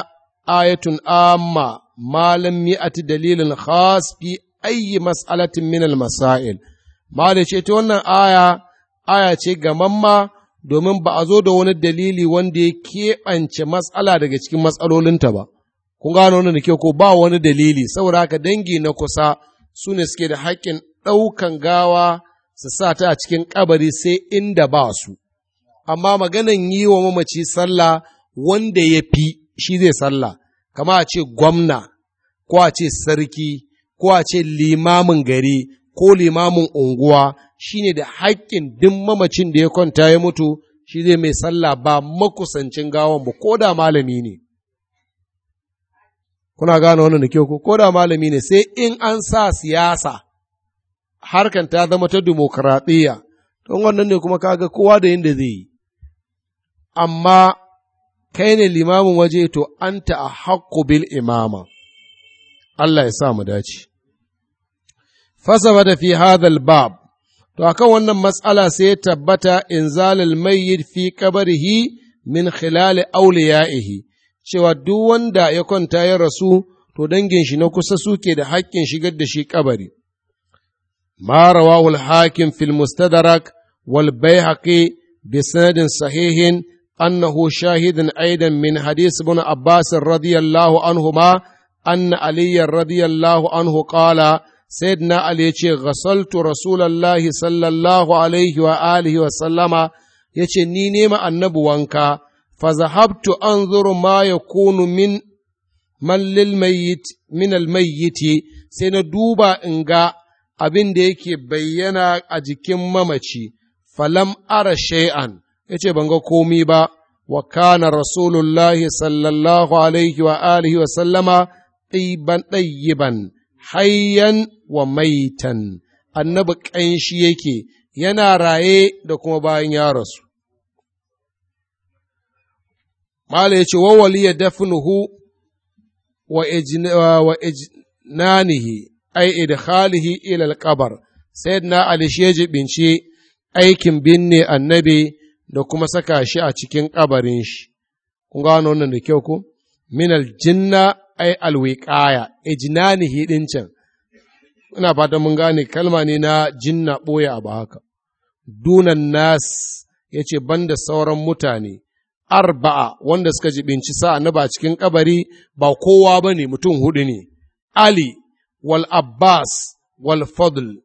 ayatun amma malam mi'ati dalilin khas fi ayyi mas'alatin min masail malam ce ta wannan aya aya ce gamamma domin ba a zo da wani dalili wanda ya keɓance matsala daga cikin matsalolinta ba kun gano wannan da kyau ko ba wani dalili saboda haka dangi na kusa sune suke da haƙƙin ɗaukan gawa su sa ta a cikin ƙabari sai inda ba su amma maganan yi wa mamaci sallah wanda ya fi shi zai sallah kama a ce gwamna ko a ce sarki ko a ce limamin gari ko limamin unguwa shi ne da haƙƙin duk mamacin da ya kwanta ya mutu shi zai mai sallah ba makusancin gawan ba ko da malami ne kuna gane wannan da kyau ko da malami ne sai in an sa siyasa harkan ta zama ta dimokuraɗiyya don wannan ne kuma kaga kowa da yin da zai yi amma kai ne limamin waje to ta a haƙƙo bil imama. Allah ya sa mu dace. Fasaba da fi hadal bab, to akan wannan matsala sai ya tabbata in mayyid fi kabarihi min khilali auliya'ihi, cewa duk wanda ya kwanta ya rasu to dangin shi na kusa suke da haƙƙin shigar da shi kabari. ما رواه الحاكم في المستدرك bi sanadin sahihin أنه شاهد أيضا من حديث ابن عباس رضي الله عنهما أن علي رضي الله عنه قال سيدنا علي غسلت رسول الله صلى الله عليه وآله وسلم يتي نينيم النبو وانكا فذهبت أنظر ما يكون من من للميت من الميت سندوبا إنغا abin da yake bayyana a jikin mamaci, falam ara shay'an ya ce ban ga komi ba wa kana rasulullahi sallallahu alaihi wa alihi wa sallama ɗiban ɗayyiban hayyan wa maitan annabi ƙanshi yake yana raye da kuma bayan ya rasu Mala ya ce wa waliya dafnuhu wa ijnanihi ai idkhalihi ila al kabar. sayyidina ali shi ya jibince aikin binne annabi da kuma saka shi a cikin ƙabarin shi, kun gano wannan da kyau ku? Minal jinna ai alwiƙaya, ijinani hidin can, ina fata mun gane kalma ne na jinna ɓoye abu haka. Dunan nas ya ce ban da sauran mutane, arba'a wanda suka ji binci sa na ba cikin ƙabari ba kowa ba ne mutum huɗu ne, Ali wal Abbas wal Fadl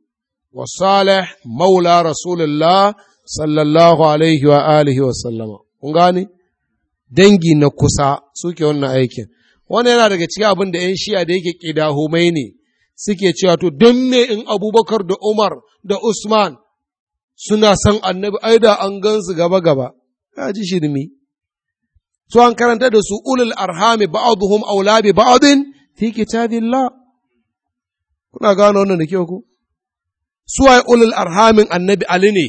wa Salih maula Rasulullah sallallahu alaihi wa alihi wa sallama kun gane dangi na kusa suke wannan aikin Wani yana daga cikin abin da yan shiya da yake kidahumai ne suke cewa to don me in abubakar da umar da usman suna san annabi ai da an gansu gaba gaba ya ji shirmi su an karanta da su ulul arhami ba'dhum aula bi ba'din fi kitabillah kuna gano wannan da kyau ku suwaye ulul arhamin annabi ali ne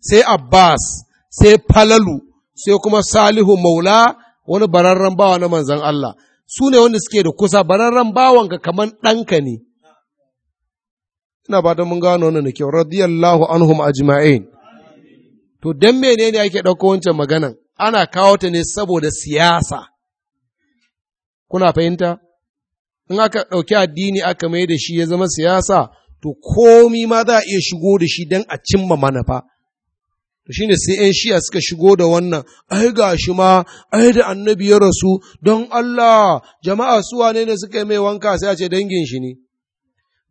sai Abbas, sai Falalu, sai kuma Salihu Maula, wani bararren bawa na manzan Allah, su ne wanda suke da kusa bararren bawanka kamar ɗanka ne. Ina ba mun gano wannan da kyau, radiyallahu anhum ajma'in. To, don menene ake ɗauko wancan maganan? Ana kawo ta ne saboda siyasa. Kuna fahimta? In aka ɗauki addini aka mai da shi ya zama siyasa, to komi ma za a iya shigo da shi don a cimma manufa. to shine sai ‘yan shiya suka shigo da wannan, ai ga shi ma, ai da annabi ya rasu don Allah, jama'a suwa ne suka yi mai wanka sai a ce dangin shi ne.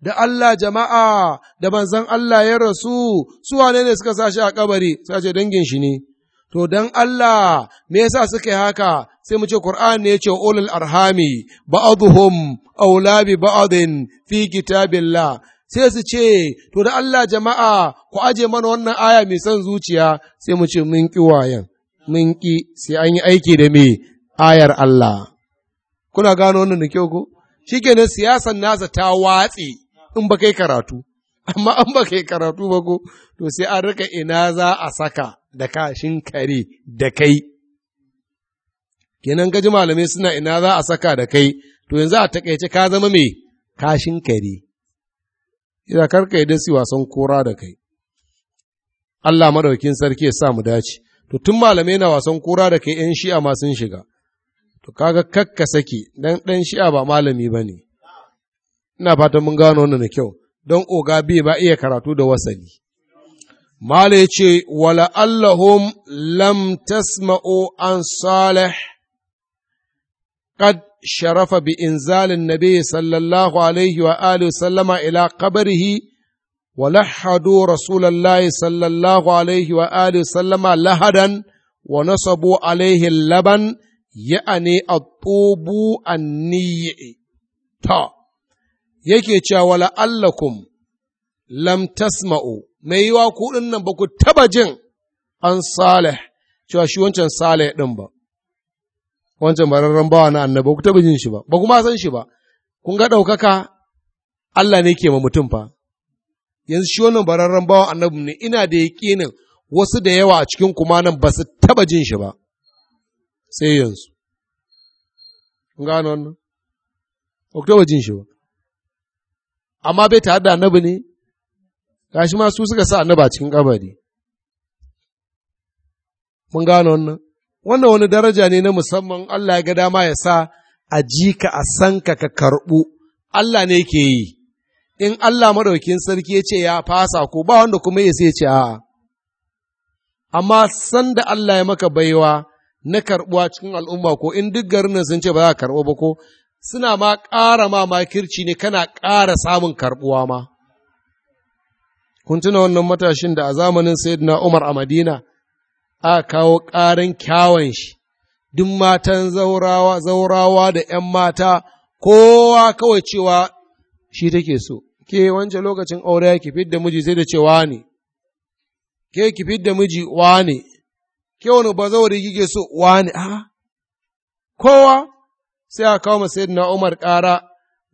Da Allah jama'a da manzan Allah ya rasu, suwa ne suka sa a kabari sai a ce dangin shi ne. To, don Allah, me yasa suka yi haka, sai mu ce Qur'an ne ya ce ulul arhami ba'dhum aula bi ba'din fi kitabillah sai su ce, To da Allah jama'a ku aje mana wannan aya mai son zuciya sai mu ce mun ƙi wayan, mun ƙi sai an yi aiki da mai ayar Allah. Kuna gano wannan da kyau ko? Shi kenan siyasan nasa ta watse in ba kai karatu, amma an ba kai karatu ba ko, to sai an rika ina za a saka da kashin kare da kai. Kenan gaji malamai suna ina za a saka da kai, to yanzu a takaice ka zama mai kashin kare. Ina karka yi dasi wasan kora da kai. Allah maɗaukin sarki ya sa mu dace. To tun malamai na wasan kora da kai ‘yan shi'a ma sun shiga. To kaga kakka saki dan ɗan shi'a ba malami ba ne. Ina fatan mun gano wannan da kyau. Don oga bai ba iya karatu da wasali. Mala ya ce, Wala Allahum lam tasma'o an salih, qad sharafa bi inzalin nabi sallallahu alaihi wa alihi sallama ila qabrihi wa lahadu sallallahu alaihi wa alihi wa nasabu alaihi laban ya'ani yake cewa wala lam tasma'u mai yiwa ku nan ba ku taba jin an salih cewa shi wancan salih ɗin ba wancan bararren bawa na annabi ku taba jin shi ba ba kuma san shi ba kun ga ɗaukaka Allah ne ke ma mutum fa yanzu shi wannan bararren bawa annabi ne ina da yaƙinin wasu da yawa a cikin kuma nan ba su taba jin shi ba sai yanzu kun gano wannan ba ku taba jin shi ba amma bai tare da annabi ne gashi ma su suka sa annabi a cikin kabari mun gano wannan wannan wani daraja ne na musamman Allah ya ga dama ya sa a ji ka a san ka ka karɓu Allah ne ke yi in Allah maɗaukin sarki ya ce ya fasa ko ba wanda kuma ya sai ce a'a amma san da Allah ya maka baiwa na karɓuwa cikin al'umma ko in duk garin sun ce ba za ka karɓo ba ko suna ma ƙara ma makirci ne kana ƙara samun karɓuwa ma kun tuna wannan matashin da a zamanin sayyidina Umar a Madina aka kawo ƙarin kyawun shi, duk matan zaurawa, zaurawa da ’yan mata, kowa kawai cewa shi take so, ke wancan lokacin aure ki da miji sai da cewa ne, ke ki da miji wa ne, ke wani ba zaure kike so wa ne, a kowa sai a kawo masu na Umar ƙara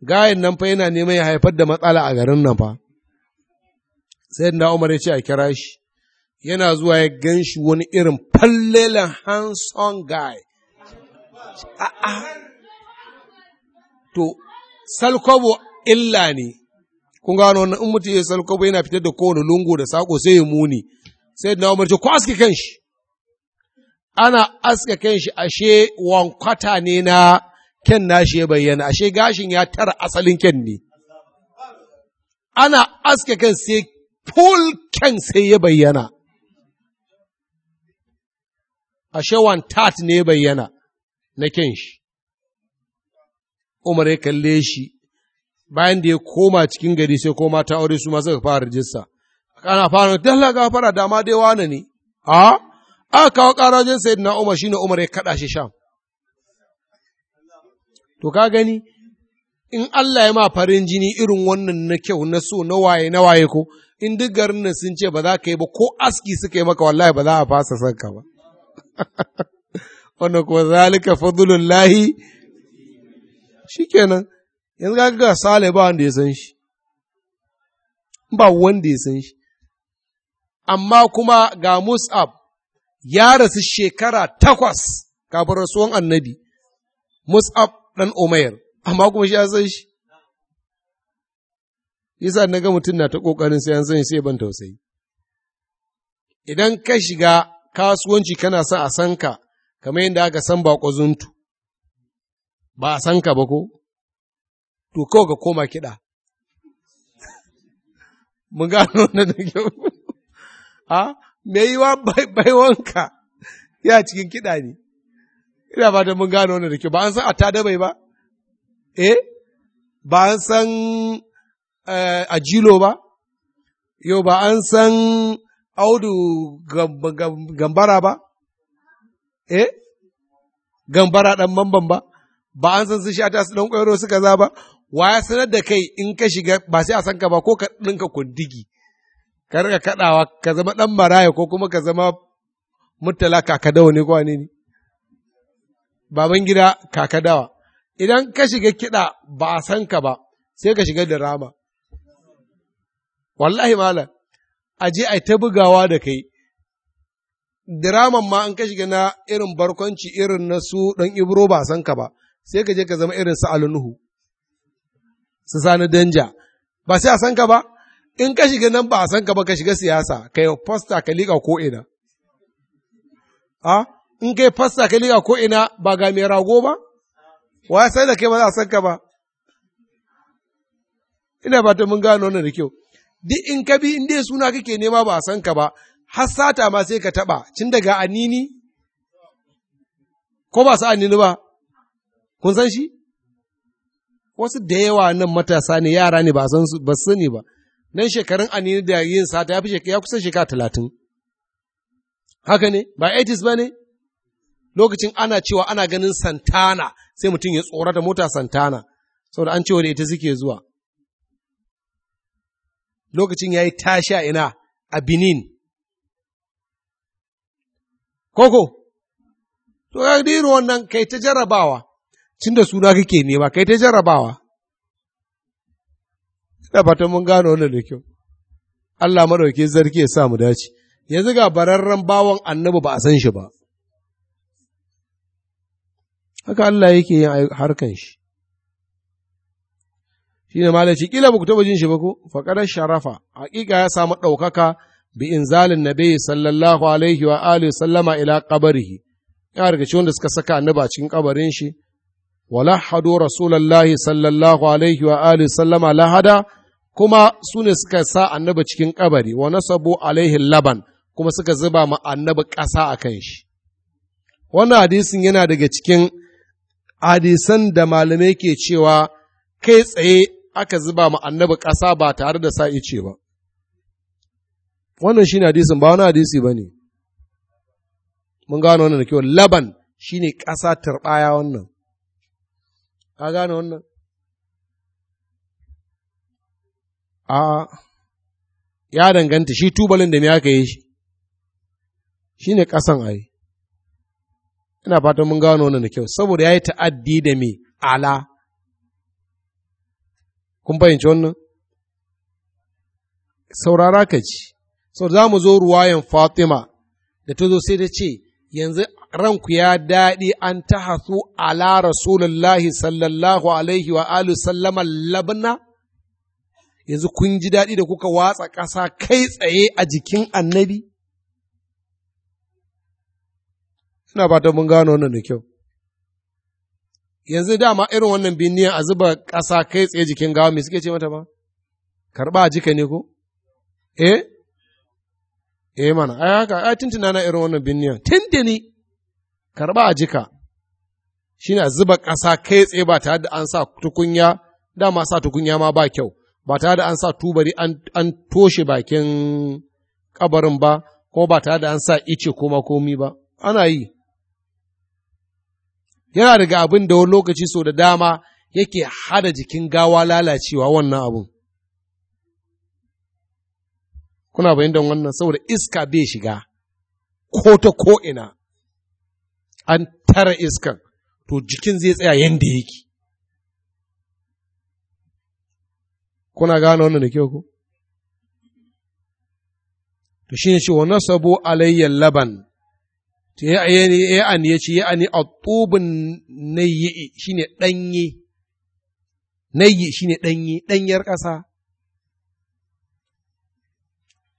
gayan nan fa yana neman ya haifar da matsala a garin nan fa. Sayyidina Umar ya ce a kira shi, yana zuwa ya gan shi wani irin fallelen Hanson guy. A'a, to, salkobo illa ne, kun gano wannan in mutum ya salkobo yana fitar da kowane lungu da sako sai ya muni, sai na umarci ko aske kan shi. Ana aske kan shi ashe wankwata ne na ken nashi ya bayyana, ashe gashin ya tara asalin ken ne. Ana aske kan sai full ken sai ya bayyana. ashe tat ne bayyana na ken shi. Umar ya kalle shi, bayan da ya koma cikin gari sai koma ta aure su masu fara rijista. Kana fara, dalla gafara dama dai wani ne, a? Aka kawo ƙarajin Sayyidina Umar shine Umar ya kaɗa shi sham. To ka gani, in Allah ya ma farin jini irin wannan na kyau na so na waye na waye ko, in duk garin nan sun ce ba za ka yi ba ko aski suka yi maka wallahi ba za a fasa sanka ba. wanda kuwa zalika fadulun lahi shikenan yanzu ga ga sale ba wanda ya san shi ba wanda ya san shi amma kuma ga mus'ab ya rasu shekara takwas kafin rasuwan annabi mus'ab dan umair amma kuma shi ya san shi isa na ga mutum na ta ƙoƙarin sai an sani sai ban tausayi idan ka shiga kasuwanci kana sa a san ka kamar yadda aka san ba zuntu ba a san ka ba ko to kawai ka koma kiɗa mun gano na da kyau Ha, ah, mai wa baiwanka ya cikin kiɗa ne ina ba da mun gano na da kyau ba an san a tada bai ba eh ba an san eh, a jilo ba yau ba an san audu gambara ba? Eh? Gambara ɗan mamban ba? Ba an san sun shata su ɗan ƙwairo suka za ba? Wa ya sanar da kai in ka shiga ba sai a san ka ba ko ka ɗinka kundigi, ka riƙa kaɗawa ka zama ɗan maraya ko kuma ka zama murtala kakadawa ne ko ne? Baban gida kakadawa. Idan ka shiga kiɗa ba a san ka ba, sai ka shiga da rama. Wallahi malam, a je a ta bugawa da kai. Diraman ma an ka shiga na irin barkwanci irin na su ɗan Ibro ba san ka ba, sai ka je ka zama irin su Alunuhu, su sani danja, ba sai a san ka ba, in ka shiga nan ba a san ka ba ka shiga siyasa, ka yi fasta ka liƙa ko'ina. A, in ka yi fasta ka liƙa ko'ina ba ga mai rago ba? Wa ya sai da kai ba za a san ka ba? Ina ba ta mun gano nan da kyau. duk in ka bi in dai suna kake nema ba a san ka ba har sata ma sai ka taba cin daga anini ko ba su anini ba kun san shi wasu da yawa nan matasa ne yara ne ba san su ba sani ba nan shekarun anini da yin sata ya fi ya kusa shekara talatin haka ne ba 80 ba ne lokacin ana cewa ana ganin santana sai mutum ya tsorata mota santana saboda an cewa da ita suke zuwa lokacin ya yi tasha ina a Benin. Koko, to ya diro wannan kai ta jarrabawa, cin da suna kake nema kai ta jarrabawa. Ina fatan mun gano wannan da kyau. Allah maɗauki zarki ya sa mu dace, yanzu ga bararren bawan annabi ba a san shi ba. Haka Allah yake yin harkan shi. shi ne malai ce kila ku taɓa jin shi ba ko faƙarar sharafa haƙiƙa ya samu ɗaukaka bi inzalin nabi sallallahu alaihi wa alihi sallama ila qabrihi ya daga cikin wanda suka saka annabi a cikin kabarin shi wala hadu rasulullahi sallallahu alaihi wa alihi sallama lahada kuma su ne suka sa annabi cikin kabari wa nasabu alaihi laban kuma suka zuba ma annabi ƙasa a kan shi wannan hadisin yana daga cikin hadisan da malamai ke cewa kai tsaye aka zuba ma annabi ƙasa ba tare da sa ice ba. Wannan shi ne hadisin ba wani hadisi ba ne. Mun gano wannan da kyau, laban shi ne ƙasa turɓaya wannan. Ka gane wannan? A ya danganta shi tubalin da me aka yi shi, shi ne ƙasan a Ina fatan mun gano wannan da kyau, saboda ya yi ta'addi da me ala. kun fahimci wannan saurara ka ci sau za mu zo ruwayan fatima da ta zo sai ta ce yanzu ranku ya daɗi an ta hasu ala rasulullahi sallallahu alaihi wa alihi sallama labna yanzu kun ji daɗi da kuka watsa ƙasa kai tsaye a jikin annabi ina ba ta mun gano wannan da kyau yanzu dama irin wannan binniya a zuba ƙasa kai tsaye jikin gawa mai suke ce mata ba karɓa a jika ne ko eh eh mana ai haka ai tuntuna na irin wannan biniyan tuntuni karɓa a jika shine a zuba ƙasa kai tsaye ba tare da an sa tukunya dama sa tukunya ma ba kyau ba tare da an sa tubari an toshe bakin kabarin ba ko ba tare da an sa ice koma komi ba ana yi yana daga abin da wani lokaci so da dama yake hada jikin gawa lalacewa wannan abun. Kuna bayan wannan saboda iska bai shiga ko ta ko'ina an tara iskan, to jikin zai tsaya yadda yake. Kuna gane wannan da kyau ku? To shi ne shi wa nasabu alayyan laban. to ya ya ani ya ce ya ani atubun nayyi shine danye nayyi shine danye danyar ƙasa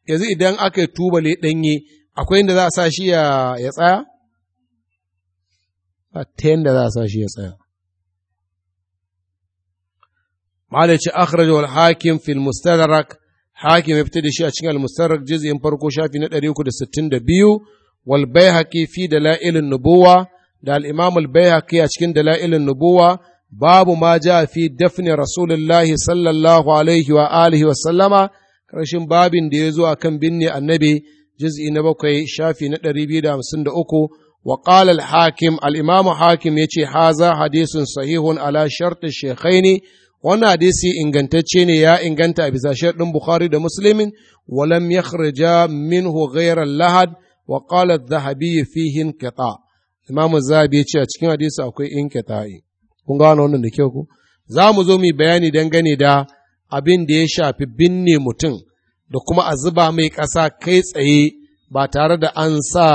yanzu idan aka yi tubale ɗanyi akwai inda za a sa shi ya tsaya a ta yanda za a sa shi ya tsaya malaci akhrajahu al-hakim fil mustadrak hakim ya fita da shi a cikin al-mustadrak juz'in farko shafi na 362 wal baihaqi fi dalailin nubuwa da al-imam al a cikin dalailin nubuwa babu ma ja fi dafni rasulullahi sallallahu alaihi wa alihi wa babin da ya zo akan binne annabi juz'i na bakwai shafi na ɗari biyu da hamsin da uku wa qala al-hakim ya ce haza hadisin sahihun ala shart shaykhaini wannan hadisi ingantacce ne ya inganta a bisa sharɗin Bukhari da Muslimin walam yakhruja min ghayra Lahadi. wa qala adh-dhahabi fihi inqita imamu zahabi yace ce a cikin hadisi akwai inqita'i kun gano wannan da kyau ku za mu zo mu bayani dangane da abin da ya shafi binne mutum da kuma a zuba mai ƙasa kai tsaye ba tare da an sa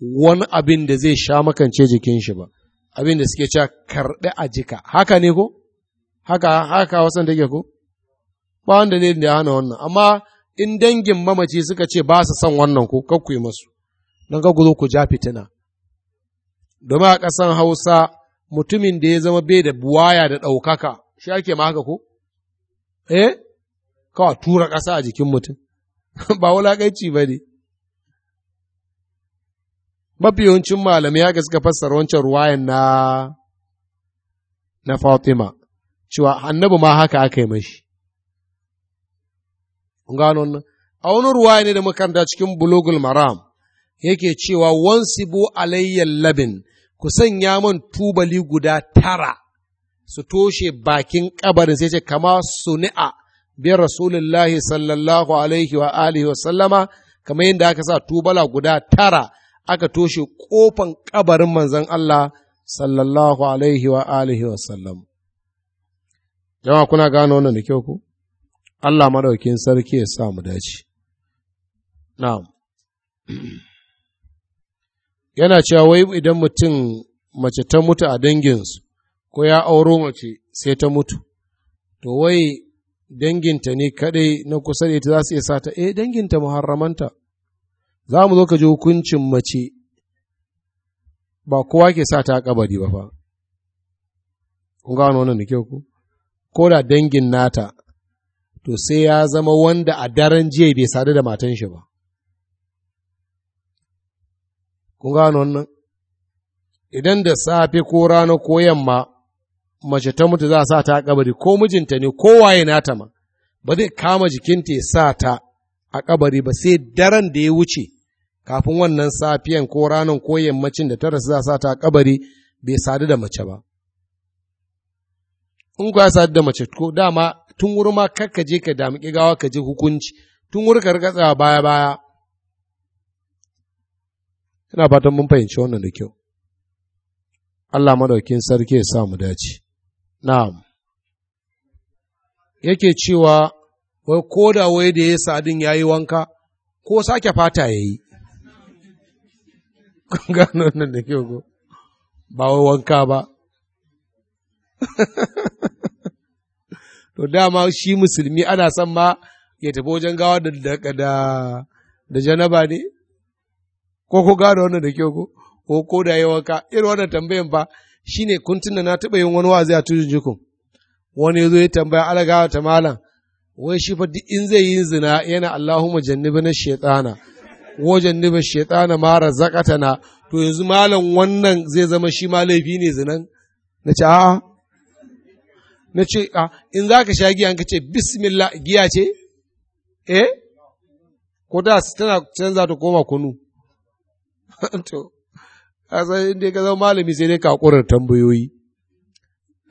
wani abin da zai sha makance jikin shi ba abin da suke cewa karɗe a jika haka ne ko haka haka wasan take ko ba wanda ne da hana wannan amma in dangin mamaci suka ce ba su son wannan ku kakku yi masu don ka zo ku ja fitina domin a ƙasan hausa mutumin da ya zama bai da buwaya da ɗaukaka shi ake ma haka ko eh kawa tura ƙasa a jikin mutum ba wulaƙaici ba ne mafi yawancin malamai haka suka fassara wancan ruwayan na na Fatima cewa annabi ma haka aka yi mashi Kun gano wannan? A wani ruwa ne da da cikin bulogul maram yake cewa bu alayyan labin ku sanya man tubali guda tara su toshe bakin kabarin sai ce kama suni'a biyar rasulullahi sallallahu alaihi wa alihi wa sallama kamar yadda aka sa tubala guda tara aka toshe kofan kabarin manzon Allah sallallahu alaihi wa alihi wa sallam. Jama'a kuna gano wannan da kyau ku? Allah maɗaukin sarki ya sa mu dace. Na'am. Yana cewa wai idan mutum mace ta mutu a danginsu, ko ya auro mace sai ta mutu, to wai danginta ne kaɗai na kusa da ita za su iya sata, eh danginta muharramanta, za mu zo ka ji hukuncin mace ba kowa ke sata a kabari ba fa. Kun gano wannan da kyau ku? Ko da dangin nata to sai ya zama wanda a daren jiya bai sadu da matan shi ba. Kun gano wannan? Idan da safe ko rana ko yamma mace ta mutu za a sa ta a kabari ko mijinta ne ko waye nata ma, ba zai kama jikinta ya sa ta a kabari ba sai daren da ya wuce kafin wannan safiyan ko ranar ko yammacin da ta rasu za a sa ta a kabari bai sadu da mace ba. In kuwa sadu da mace ko dama tun wuri ma kar ka je ka dami gawa ka je hukunci tun wuri ka riga tsawa baya baya ina fatan mun fahimci wannan da kyau Allah madaukin sarki ya sa mu dace na'am yake cewa wai ko da wai da ya sadin ya yi wanka ko sake fata ya yi kun gano nan da kyau ba wai wanka ba to dama shi musulmi ana son ma ya tafi wajen gawa da da da janaba ne ko ko gado wannan da kyau ko ko ko da yawa ka irin wannan tambayan fa shine kun tunda na taba yin wani wazi a tujin jikun wani yazo ya tambaya alagawa ta malam wai shi fa duk in zai yi zina yana Allahumma jannibna shaytana wa janniba shaytana ma razaqatana to yanzu malam wannan zai zama shi ma laifi ne zinan nace a'a na ce in za ka sha giya ka ce bismillah giya ce eh ko da tana canza ta koma kunu to a sai inda ka zama malami sai dai ka hakurar tambayoyi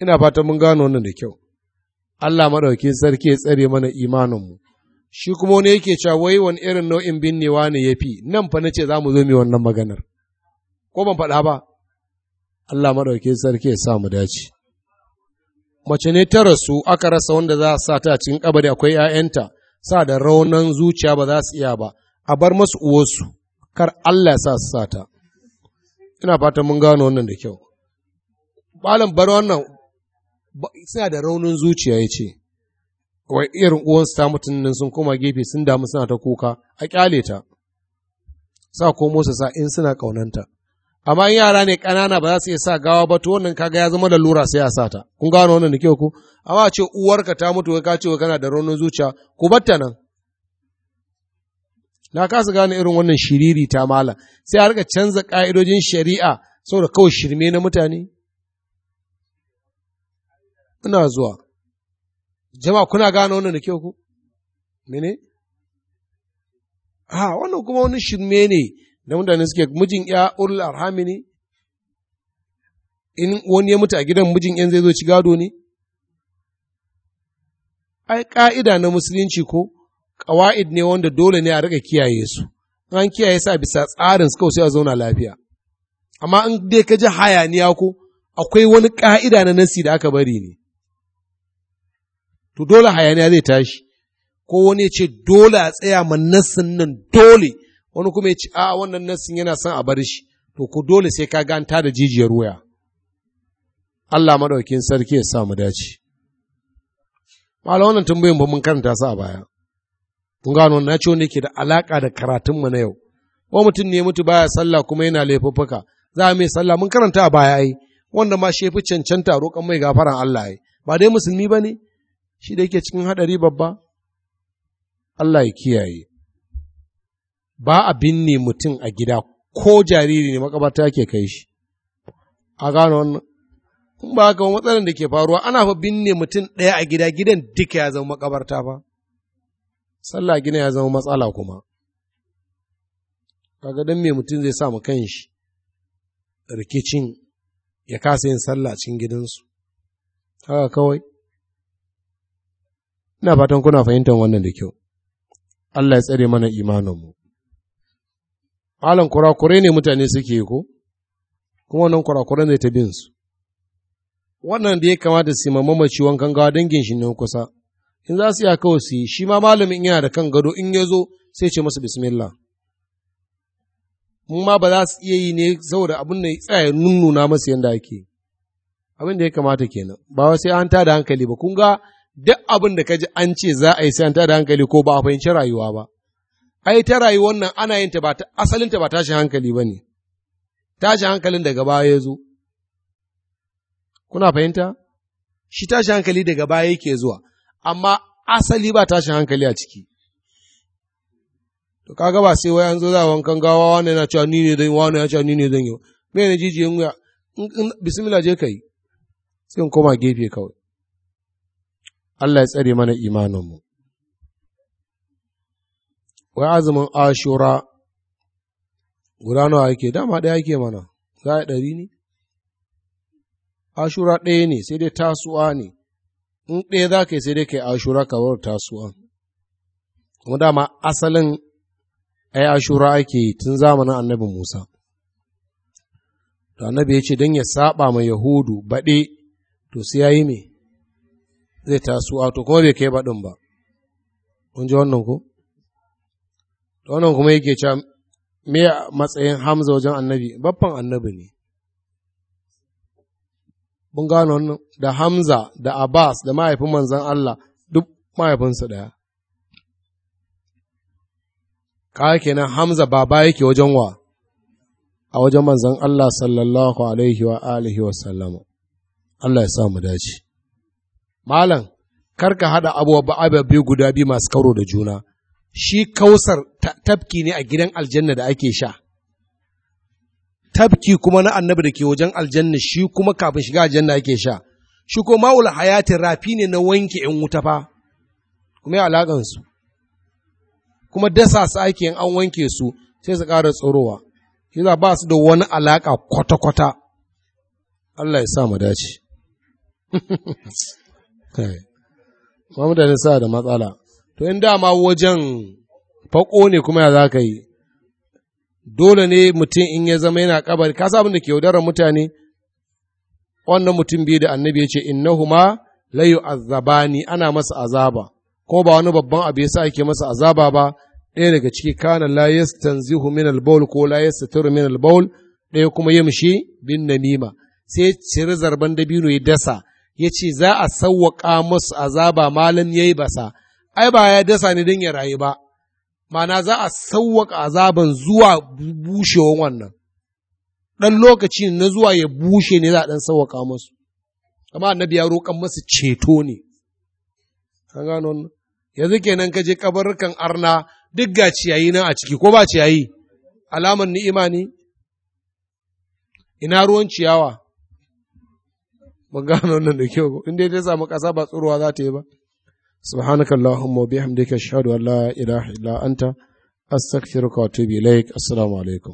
ina fata mun gano wannan da kyau Allah madauki sarki ya tsare mana imaninmu shi kuma wani yake cewa wai wani irin nau'in binnewa ne yafi nan fa nace za mu zo mu wannan maganar ko ban faɗa ba Allah madauki sarki ya sa mu dace mace ne ta rasu aka rasa wanda za a sa ta cikin kabari akwai ‘ya'yanta sa da raunan zuciya ba za su iya ba a bar masu uwarsu kar Allah sa su sa ta ina fatan mun gano wannan da kyau malam bar wannan suna da raunin zuciya ya ce wai irin uwansu ta mutum nan sun koma gefe sun damu suna ta kuka a kyale ta sa komo su sa in suna ƙaunanta amma in yara ne ƙanana ba za su iya sa gawa ba to wannan kaga ya zama lura sai a sa ta kun gano wannan da kyau ku? amma ce uwarka ta mutu ka ce kana da raunin zuciya ku batta nan na kasa gane irin wannan shiriri ta mala sai a rika canza ƙa'idojin shari'a saboda kawai shirme na mutane ina zuwa jama'a kuna gane wannan da kyau ku mene ha ah, wannan kuma wani shirme ne da mutane suke mijin ya ulul arhami ne in wani ya mutu a gidan mijin yan zai zo ci gado ne ai ka'ida na musulunci ko ƙawa'id ne wanda dole ne a riƙa kiyaye su an kiyaye sa bisa tsarin su sai a zauna lafiya amma in dai ka ji hayaniya ko akwai wani ka'ida na nasi da aka bari ne to dole hayaniya zai tashi ko wani ya ce dole a tsaya ma nassin nan dole wani kuma ya ci a wannan nassin yana son a bar shi to ku dole sai ka ganta da jijiyar wuya Allah madaukin sarki ya sa mu dace malam wannan tambayin ba mun karanta su a baya kun gano na ce wanda yake da alaka da karatun mu na yau ko mutum ne mutu baya sallah kuma yana laifuffuka za a mai sallah mun karanta a baya ai wanda ma shefi fi cancanta roƙon mai gafaran Allah ai ba dai musulmi ba ne shi da yake cikin haɗari babba Allah ya kiyaye ba a binne mutum a gida ko jariri ne makabarta ke kai shi a gano wannan kun ba haka matsalar da ke faruwa ana fa binne mutum ɗaya a gida gidan duka ya zama makabarta ba sallah gina ya zama matsala kuma kaga dan me mutum zai samu mu kanshi rikicin ya kasa yin sallah cikin gidansu haka kawai ina fatan kuna fahimtar wannan da kyau Allah ya tsare mana imaninmu malam kurakurai ne mutane suke ko kuma wannan kurakurai ne ta bin su wannan da ya kamata su mamaci wankan gawa dangin shi ne kusa in za su yi kawai su yi shi ma malamin yana da kan gado in ya zo sai ce masu bismillah mun ma ba za su iya yi ne saboda abin da ya tsaya nunnuna masu yadda ake abin da ya kamata kenan ba wai sai an tada hankali ba kun ga duk abin da ka ji an ce za a yi sai an tada hankali ko ba a fahimci rayuwa ba ai ta rayuwar nan ana yin ta ba ta asalinta ba tashin hankali ba ne, tashin hankalin daga baya ya zo. Kuna fahimta? Shi tashin hankali daga baya yake zuwa, amma asali ba tashin hankali a ciki. To kaga ba sai wai an zo za wankan gawa wani yana cewa ni ne zan yi wani yana cewa ni ne zan yi. Me ne jijiyin wuya? Bismillah je ka yi. Sai in koma gefe kawai. Allah ya tsare mana imaninmu. wai azumin ashura guda nawa yake dama ɗaya yake mana za a ɗari ne ashura ɗaya ne sai dai tasuwa ne in ɗaya za ka yi sai dai ka yi ashura ka bar tasuwa kuma dama asalin ai ashura ake yi tun zamanin annabi musa to annabi ya ce don ya saba mai yahudu baɗe to sai ya yi me zai tasuwa to kuma bai kai baɗin ba kun ji wannan ko wannan kuma yake cewa me matsayin hamza wajen annabi baffan annabi ne mun gano wannan da hamza da abbas da mahaifin manzan allah duk mahaifinsu ɗaya ka kenan hamza baba yake wajen wa a wajen manzan allah sallallahu alaihi wa alihi wa sallama allah ya sa mu dace malam karka hada abubuwa ba biyu guda biyu masu karo da juna shi kausar tafki ne a gidan aljanna da ake sha tafki kuma na annabi da ke wajen aljanna shi kuma kafin shiga aljanna ake sha shi ko ma'ul hayatin rafi ne na wanke ‘yan wuta fa kuma ya su. kuma dasa su ake an wanke su sai su ƙara tsorowa yana ba su da wani alaƙa kwata-kwata Allah ya sa mu dace kai mamu da sa da matsala to in dama wajen fako ne kuma ya za ka yi dole ne mutum in ya zama yana kabari ka abin da ke yaudarar mutane wannan mutum biyu da annabi ya ce ma layu ni ana masa azaba ko ba wani babban abu ya sa ake masa azaba ba ɗaya daga ciki kana la yastanzihu min al-bawl ko la yastatiru min al-bawl ɗaya kuma ya yamshi bin namima sai cire zarban dabino ya dasa ya ce za a sawwaka masu azaba malam ya yi basa ai ba ya dasa ni don ya rayu ba, mana za a sauwaka azaban zuwa bushewan wannan, ɗan lokaci na zuwa ya bushe ne za a ɗan sauwaka masu, amma annabi ya roƙan masu ceto ne. An gano wannan? Yanzu kenan ka je kabarukan arna duk ga ciyayi nan a ciki ko ba ciyayi, alaman ni'ima ne? Ina ruwan ciyawa? Mun gano wannan da kyau, in dai ta samu ƙasa ba tsurowa za ta yi ba. subhanaka allahumma wa bihamdika ashhadu an la ilaha illa anta astaghfiruka wa atubu ilaik assalamu alaikum